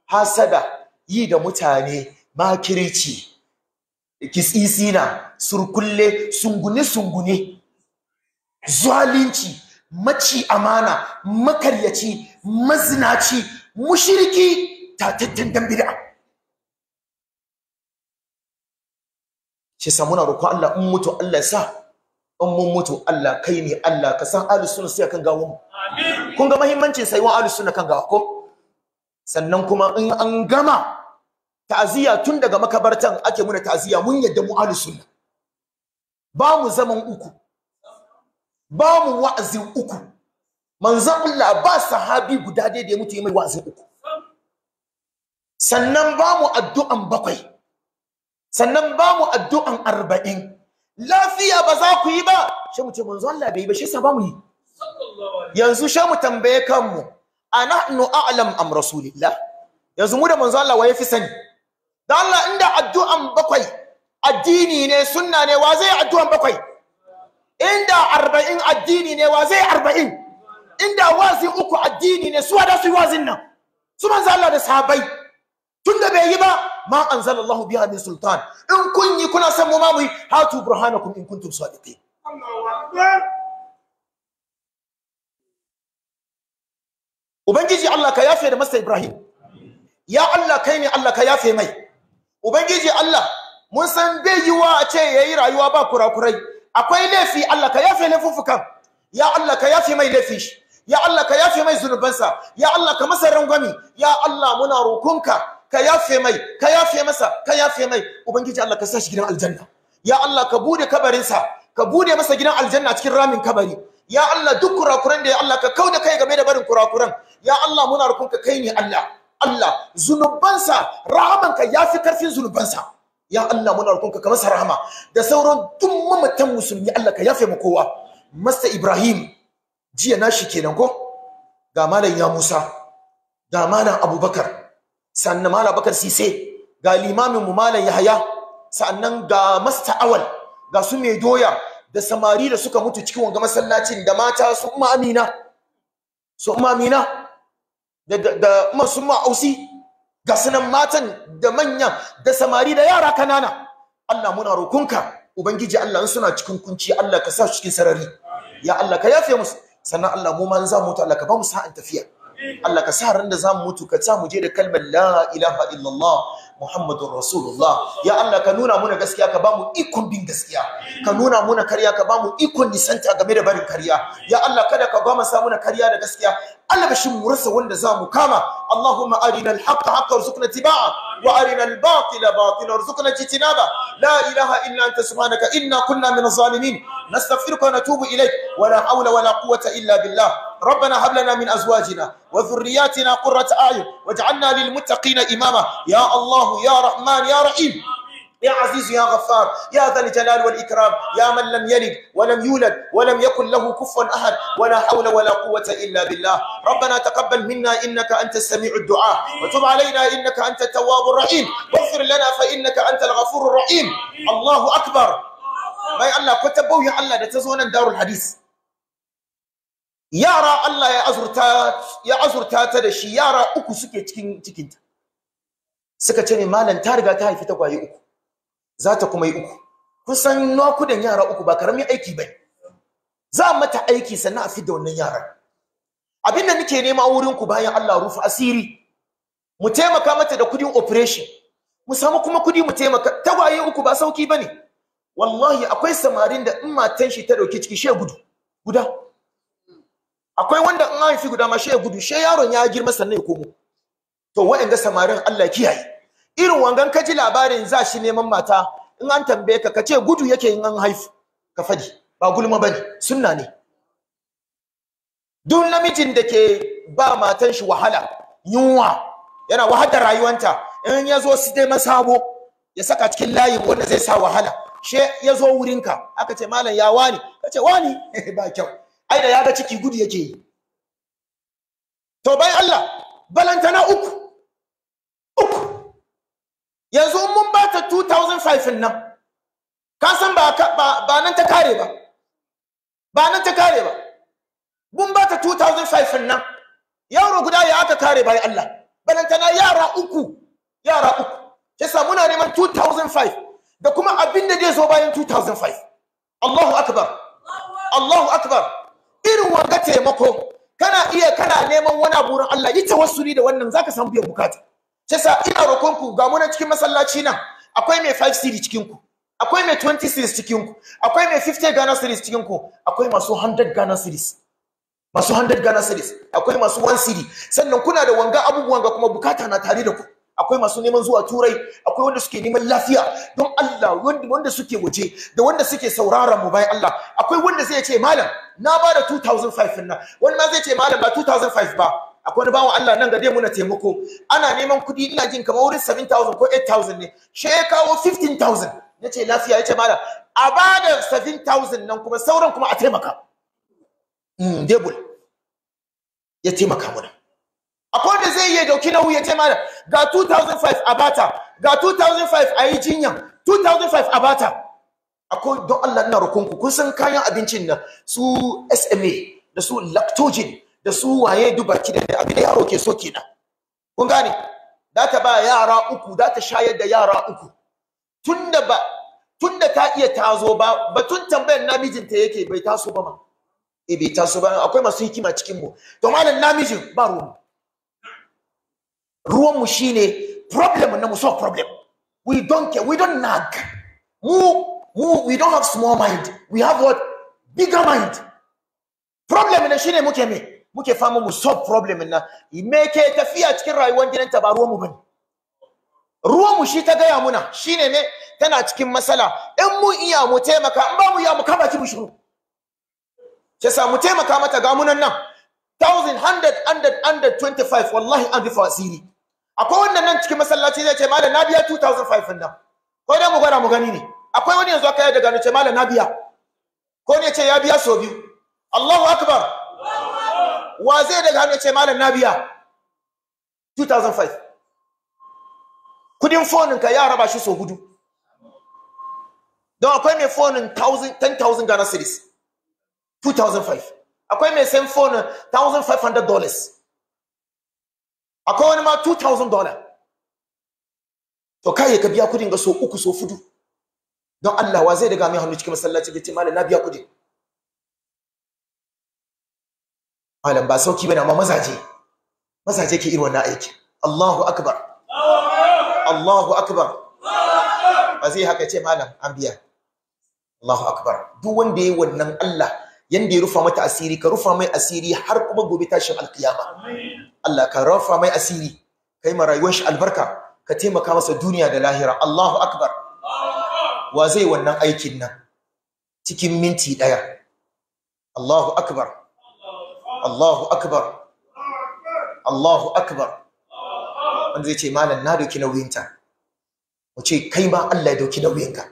[SPEAKER 2] hasada yi da mutane makirci kitsisina surkulle sungune sungune zalunci maci amana makaryaci mazinaci mushriki ta dan bid'a shi sa muna roƙo Allah in mutu Allah sa in mun mutu Allah kai ne Allah ka san ahlus sunna sai kan gawo mu kun ga muhimmancin saiwa ahlus sunna kan gawo ko sannan kuma in an gama ta'aziyya tun daga makabartan ake muna ta'aziyya mun yadda mu ahlus sunna ba mu zaman uku ba mu wa'azin uku manzon Allah ba sahabi guda daidai mutu yi mai wa'azin uku sannan ba mu addu'an bakwai sannan ba mu addu'an arba'in lafiya ba za ku yi ba shi mu ce manzo Allah bai yi ba shi sa ba mu yi yanzu shi mu tambaye kanmu anahnu a'lam am rasulillah yanzu mu da manzo Allah waye fi sani dan Allah inda addu'an bakwai addini ne sunna ne wa zai addu'an bakwai inda arba'in addini ne wa zai arba'in inda wazi uku addini ne suwa da su wazin nan su manzo Allah da sahabbai da bai yi ba ma anzalallahu biha min sultan in kun yi kuna san mu ma mu yi hatu burhanakum in kuntum sadiqin ubangiji Allah ka yafe da masa Ibrahim ya Allah kai ne Allah ka yafe mai ubangiji Allah mun san bai yiwa a ce yayi rayuwa ba kurakurai akwai laifi Allah ka yafe laifufukan ya Allah ka yafe mai laifi ya Allah ka yafe mai zunubansa ya Allah ka masa rangwami ya Allah muna rokunka ka yafe mai ka yafe masa ka yafe mai ubangiji Allah ka sa shi gidan aljanna ya Allah ka bude kabarinsa ka bude masa gidan aljanna cikin ramin kabari ya Allah duk kurakuran da ya Allah ka kauda kai game da barin kurakuran ya Allah muna rukunka kai ne Allah Allah zunubansa rahamanka yafi karfin zunubansa ya Allah muna rukunka ka masa rahama da sauran duk mamatan musulmi Allah ka yafe mu kowa masa Ibrahim jiya nashi kenan ko ga malam ya Musa ga malam Abubakar sannan malam bakar sise ga limamin mu malam yahaya sannan ga masta awal ga su mai doya da samari da suka mutu cikin wanga masallacin da mata su umma amina su da da ausi ga sunan matan da manya da samari da yara kanana Allah muna rokunka ubangiji Allah in suna cikin kunci Allah ka sa cikin sarari ya Allah ka yafe musu sannan Allah mu ma in za mu ta Allah ka ba mu sa'an tafiya Allah ka sa ran da za mu mutu ka sa mu je da kalmar la ilaha illallah muhammadur rasulullah ya Allah ka nuna muna gaskiya ka ba mu ikon bin gaskiya ka nuna muna karya ka ba mu ikon nisanta game da barin karya ya Allah kada ka bama sa muna karya da gaskiya Allah bashin mu rasa wanda za mu kama Allahumma arina al-haqqa haqqan warzuqna tibaa wa arina al-batila batilan warzuqna jitinaba la ilaha illa anta subhanaka inna kunna min adh na nastaghfiruka wa natubu ilayk wa la hawla wa la quwwata illa billah ربنا هب لنا من أزواجنا وذرياتنا قرة أعين واجعلنا للمتقين إماما يا الله يا رحمن يا رحيم يا عزيز يا غفار يا ذا الجلال والإكرام يا من لم يلد ولم يولد ولم يكن له كفوا أحد ولا حول ولا قوة إلا بالله ربنا تقبل منا إنك أنت السميع الدعاء وتب علينا إنك أنت التواب الرحيم واغفر لنا فإنك أنت الغفور الرحيم الله أكبر ما الله كتبوا يا الله تزونا دار الحديث yara Allah ya azurta ta da shi yara uku suke cikin cikinta suka ce ne malam ta riga ta haifi tagwaye uku za ta kuma yi uku kun san nakudan yara uku ba karamin aiki bane za mata aiki sannan a fi da wannan yara abin da nake nema wurin ku bayan Allah rufa asiri mu taimaka mata da kudin operation mu samu kuma kudi mu taimaka tagwaye uku ba sauki bane wallahi akwai samarin da in matan shi ta ɗauki ciki she gudu guda akwai wanda in an haifi guda ma shi ya gudu shi yaron ya girma sannan ya komo to wa'anga samarin Allah kiyaye irin wangan kaji labarin za shi neman mata in an tambaye ka kace gudu yake in an haifu ka fadi ba gulma bane sunna ne duk namijin da ke ba matan shi wahala yunwa yana wahada rayuwanta in ya zo su dai sabo ya saka cikin layi wanda zai sa wahala she ya zo wurinka aka ce malam ya wani kace wani ba kyau ai da ya ga ciki gudu yake yi to bai Allah balantana uku uku yanzu mun ba ta 2005 nan ka san ba ba nan ta kare ba ba nan ta kare ba mun ba ta 2005 nan yaro guda ya aka kare bai Allah balantana yara uku yara uku kisa muna neman 2005 da kuma abin da zai zo bayan 2005 Allahu akbar Allahu akbar irin wanga taimako kana iya kana neman wani abu wurin Allah yi tawassuli da wannan zaka samu biyan bukata sai sa ina roƙon ku ga muna cikin masallaci nan akwai mai 5 series cikin ku akwai mai 20 series cikin ku akwai mai 50 Ghana series cikin ku akwai masu 100 Ghana series masu 100 Ghana series akwai masu 1 series sannan kuna da wanga abubuwan ga kuma bukata na tare da ku akwai masu neman zuwa turai akwai wanda suke neman lafiya don Allah wanda suke waje da wanda suke saurara mu bayan Allah akwai wanda zai ce malam na ba da 2005 nan wani ma zai ce malam ba 2005 ba akwai wani bawan Allah nan ga dai muna taimako ana neman kuɗi ina jin kamar wurin 7000 ko 8000 ne she ya kawo 15000 yace lafiya yace malam a ba da 7000 nan kuma sauran kuma a taimaka mm debul ya taimaka mana akwai wanda zai iya dauki na wuya. ce ga 2005 a bata ga 2005 a yi jinyan 2005 a bata akwai don Allah na rukunku kun san kayan abincin nan su SMA da su lactogen da su waye dubaki da abin da yaro ke so kenan kun gane za ta ba yara uku za ta shayar da yara uku tunda ba tunda ta iya tazo ba batun tambayar namijinta yake bai taso ba ma eh bai taso ba akwai masu hikima cikin mu to malam namijin ba ruwa ruwan mu shine problem na mu solve problem we don't care we don't nag mu mu we don't have small mind we have what bigger mind problem na shine muke me muke fama mu solve problem na me ke tafiya cikin rayuwar gidan ta ba ruwan mu bane ruwan mu shi ta gaya muna shine ne? tana cikin matsala in mu iya mu taimaka in ba mu iya mu kama ki mu shiru ce sa mu taimaka mata ga munan nan 1000 100 100 125 wallahi an rufa asiri akwai wannan nan cikin masallaci zai ce malam na biya 2005 din ko dai mu gwada mu gani ne akwai wani yanzu aka yi daga ne ce malam na biya ko ne ce ya biya so biyu Allahu akbar wa zai daga hannu ce malam na biya 2005 kudin fonin ka ya raba shi so gudu don akwai mai fonin 10,000 Ghana cedis 2005 akwai mai same fonin 1,500 dollars akwai wani ma 2000 dollar to kai ka biya kudin ga so uku so fudu don Allah wa zai daga mai hannu cikin masallaci ga ce malam na biya kudin malam ba sauki bane amma mazaje mazaje ke irin wannan aiki Allahu akbar Allahu akbar ba zai haka ce malam an biya Allahu akbar duk wanda ya yi wannan Allah yanda ya rufa mata asiri ka rufa mai asiri har kuma gobe tashin alkiyama Allah ka rufa mai asiri kai ma rayuwar shi albarka ka taimaka masa duniya da lahira Allahu akbar wa zai wannan aikin nan cikin minti daya Allahu akbar Allahu akbar Allahu akbar wanda zai ce malam na doki nauyinta mu ce kai ma Allah ya doki nauyinka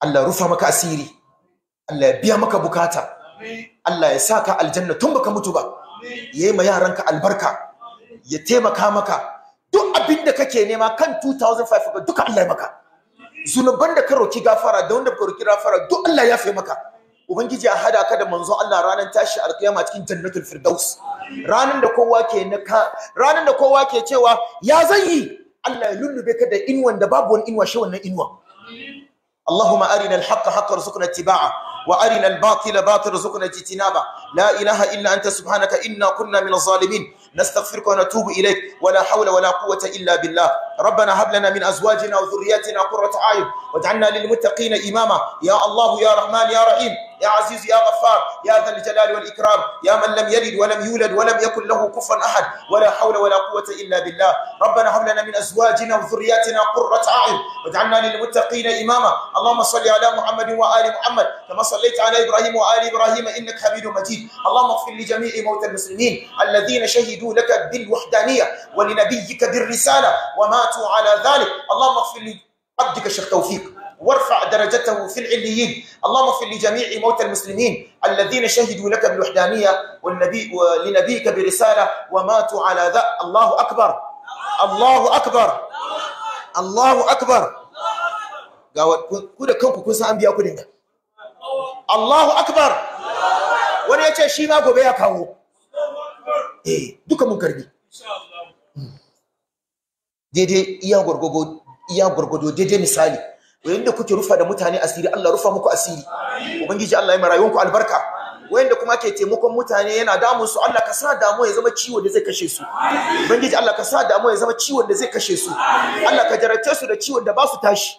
[SPEAKER 2] Allah rufa maka asiri Allah ya biya maka bukata Allah ya sa ka aljanna tun baka mutu ba ya yi ma yaranka albarka ya taimaka maka duk abin da kake nema kan 2005 duka Allah ya maka zunuban da ka roki gafara da wanda ka roki gafara duk Allah ya fi maka ubangiji a hada ka da manzo Allah ranar tashi alkiyama cikin jannatul firdaus ranar da kowa ke da kowa ke cewa ya zan yi Allah ya lullube ka da inwan da babu wani inwa shi wannan inwa Allahumma arina al-haqqa haqqan warzuqna وارنا الباطل باطل ارزقنا اجتنابه لا اله الا انت سبحانك انا كنا من الظالمين نستغفرك ونتوب إليك ولا حول ولا قوة إلا بالله ربنا هب لنا من أزواجنا وذرياتنا قرة أعين واجعلنا للمتقين إماما يا الله يا رحمن يا رحيم يا عزيز يا غفار يا ذا الجلال والإكرام يا من لم يلد ولم يولد ولم يكن له كفا أحد ولا حول ولا قوة إلا بالله ربنا هب لنا من أزواجنا وذرياتنا قرة أعين واجعلنا للمتقين إماما اللهم صل على محمد وآل محمد كما صليت على إبراهيم وآل إبراهيم إنك حميد مجيد اللهم اغفر لجميع موتى المسلمين الذين شهدوا لك بالوحدانية ولنبيك بالرسالة وماتوا على ذلك اللهم اغفر لعبدك الشيخ توفيق وارفع درجته في العليين اللهم اغفر لجميع موتى المسلمين الذين شهدوا لك بالوحدانية والنبي ولنبيك برسالة وماتوا على ذلك الله أكبر الله أكبر الله أكبر kuda kanku kun san an الله أكبر Allahu akbar wani ya ce eh duka mun karbi daidai iya gwargwado iya gwargwado daidai misali yayin kuke rufa da mutane asiri Allah rufa muku asiri ubangiji Allah ya mara rayuwanku albarka wayanda kuma ke taimakon mutane yana damun su Allah ka sa damu ya zama ciwo da zai kashe su ubangiji Allah ka sa damu ya zama ciwo da zai kashe su Allah ka jarabce su da ciwon da ba su tashi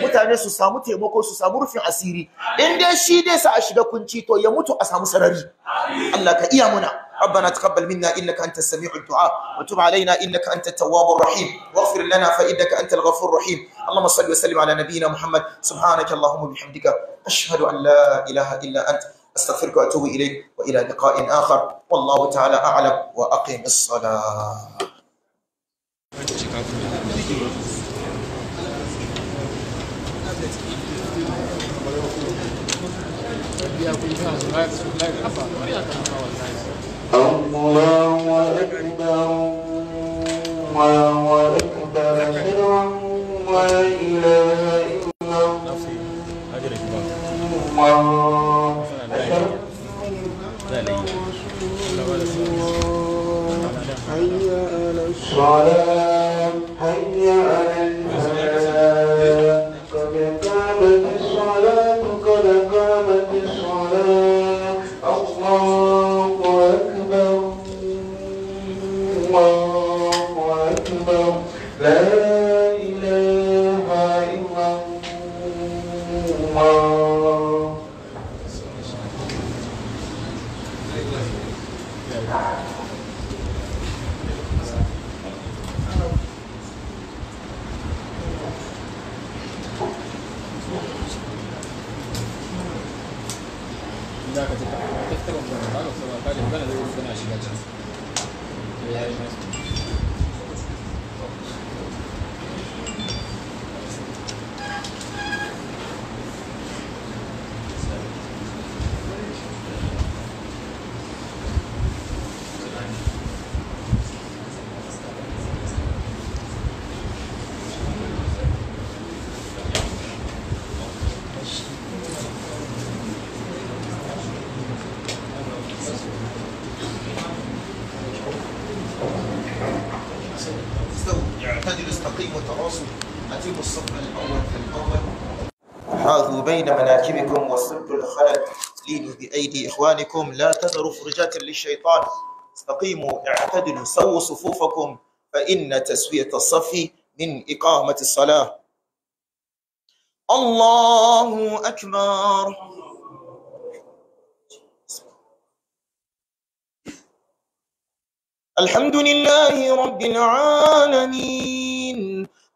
[SPEAKER 2] mutane su samu taimako su samu rufin asiri in dai shi dai sa a shiga kunci to ya mutu a samu sarari Allah ka iya muna ربنا تقبل منا انك انت السميع الدعاء وتب علينا انك انت التواب الرحيم واغفر لنا فانك انت الغفور الرحيم اللهم صل وسلم على نبينا محمد سبحانك اللهم وبحمدك اشهد ان لا اله الا انت أستغفرك وأتوب إليك وإلى لقاء آخر والله تعالى أعلم وأقم الصلاة
[SPEAKER 1] الله أكبر الله أكبر أشهد أن
[SPEAKER 2] الشيطان استقيموا اعتدلوا سووا صفوفكم فإن تسوية الصف من إقامة الصلاة الله أكبر الحمد لله رب العالمين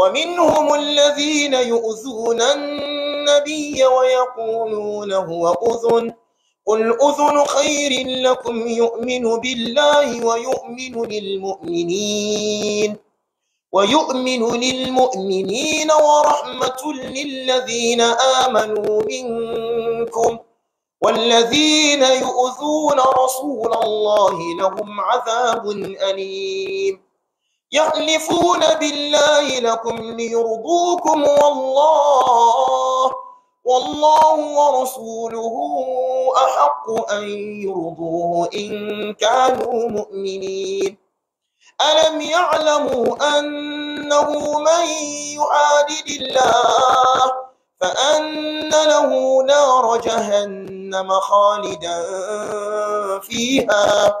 [SPEAKER 2] ومنهم الذين يؤذون النبي ويقولون هو أذن قل أذن خير لكم يؤمن بالله ويؤمن للمؤمنين ويؤمن للمؤمنين ورحمة للذين آمنوا منكم والذين يؤذون رسول الله لهم عذاب أليم يحلفون بالله لكم ليرضوكم والله والله ورسوله أحق أن يرضوه إن كانوا مؤمنين ألم يعلموا أنه من يعادل الله فأن له نار جهنم خالدا فيها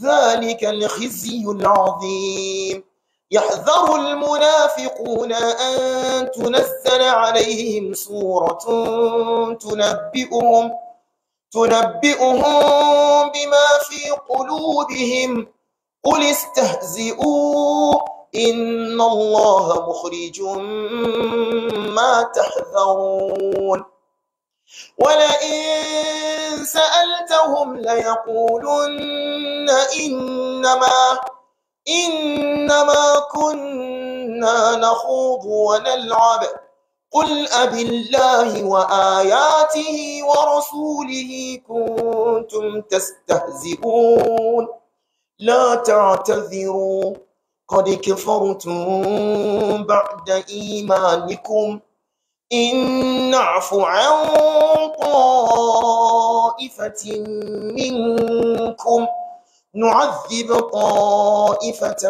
[SPEAKER 2] ذلك الخزي العظيم يحذر المنافقون أن تنزل عليهم سورة تنبئهم تنبئهم بما في قلوبهم قل استهزئوا إن الله مخرج ما تحذرون ولئن سألتهم ليقولن إنما إنما كنا نخوض ونلعب قل أب الله وآياته ورسوله كنتم تستهزئون لا تعتذروا قد كفرتم بعد إيمانكم ۖ إن نعف عن طائفة منكم نعذب طائفة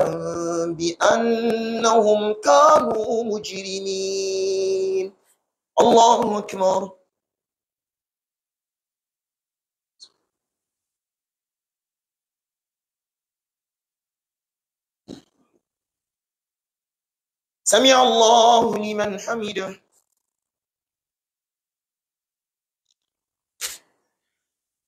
[SPEAKER 2] بأنهم كانوا مجرمين الله أكبر سمع الله لمن حمده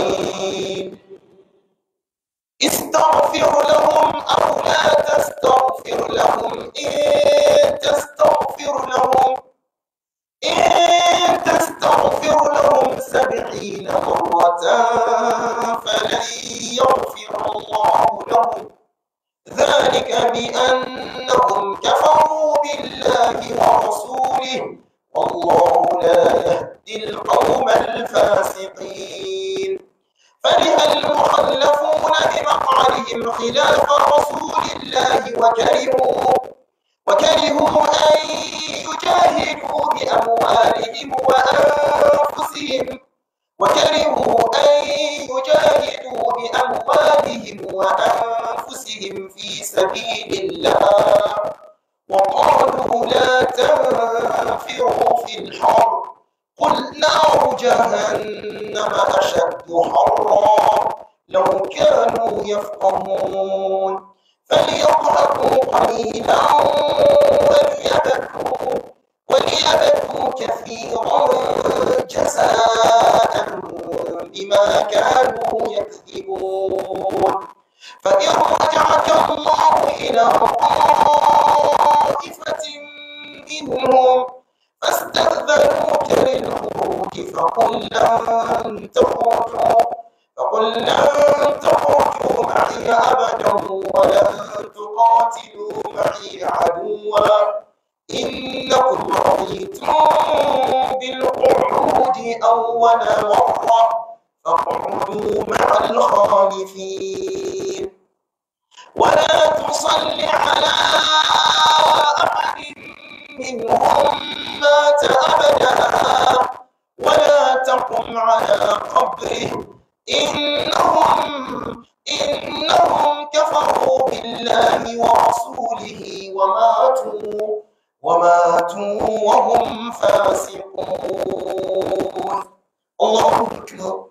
[SPEAKER 2] الظالمين استغفر لهم أو لا تستغفر لهم إن تستغفر لهم إن تستغفر لهم سبعين مرة فلن يغفر الله لهم ذلك بأنهم كفروا بالله
[SPEAKER 1] ورسوله والله لا يهدي القوم الفاسقين فرح المخلفون بمقعدهم خلاف رسول الله وكرهوا وكرهوا أن يجاهدوا بأموالهم وأنفسهم وكرهوا أن يجاهدوا بأموالهم وأنفسهم في سبيل الله وقالوا لا تنفروا في الحرب قل نار جهنم أشد حرا لو كانوا يفقهون فليضحكوا قليلا وليبكوا وليبكوا كثيرا جزاء بما كانوا يكذبون فإن رجعك الله إلى طائفة منهم فاستأذنوك للخروج فقلنا أن تخرجوا فقلنا أن تخرجوا معي
[SPEAKER 2] أبدا ولن تقاتلوا معي عدوا إنكم رضيتم بالقعود أول مرة فاقعدوا مع الخالفين ولا تصل على أحد منهم مات أبدا ولا تقم على قبره
[SPEAKER 1] إنهم إنهم كفروا بالله ورسوله وماتوا وماتوا وهم فاسقون الله أكبر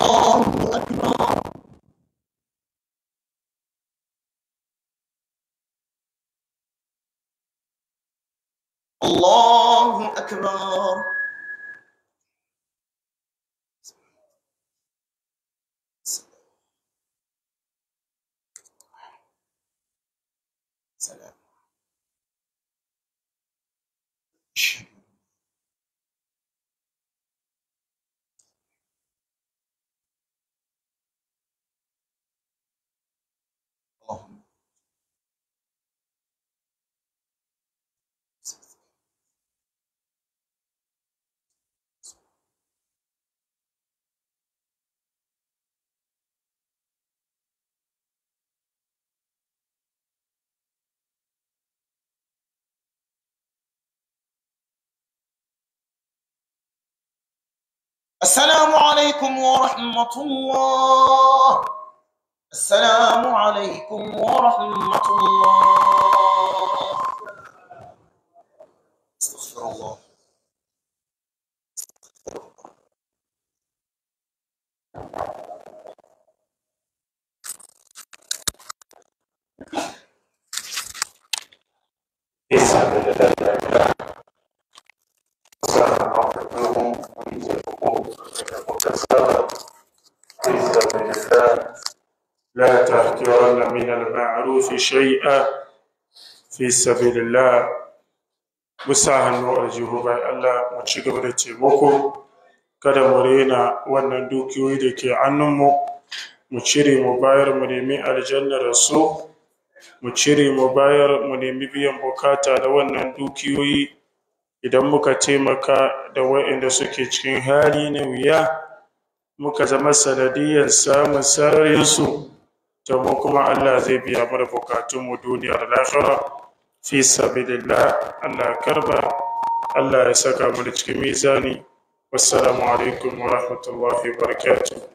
[SPEAKER 1] Allahu Akbar.
[SPEAKER 2] السلام عليكم ورحمة الله السلام عليكم ورحمة الله استغفر الله
[SPEAKER 1] استغفر الله لا تهجرن من المعروف شيئا في سبيل الله musahan nu'ajihu bai Allah mu ci gaba da taimako kada mu rena wannan dukiyoyi da ke hannunmu mu cire mu bayar mu nemi aljannar su mu cire mu bayar mu nemi biyan bukata da wannan dukiyoyi idan muka taimaka da waɗanda suke cikin hali na wuya muka zama sanadiyyar samun sararinsu to mu kuma Allah zai biya mana bukatunmu duniya da lahira fi sabilillah Allah karba Allah ya saka mana cikin mizani wassalamu alaikum wa rahmatullahi wa barakatuh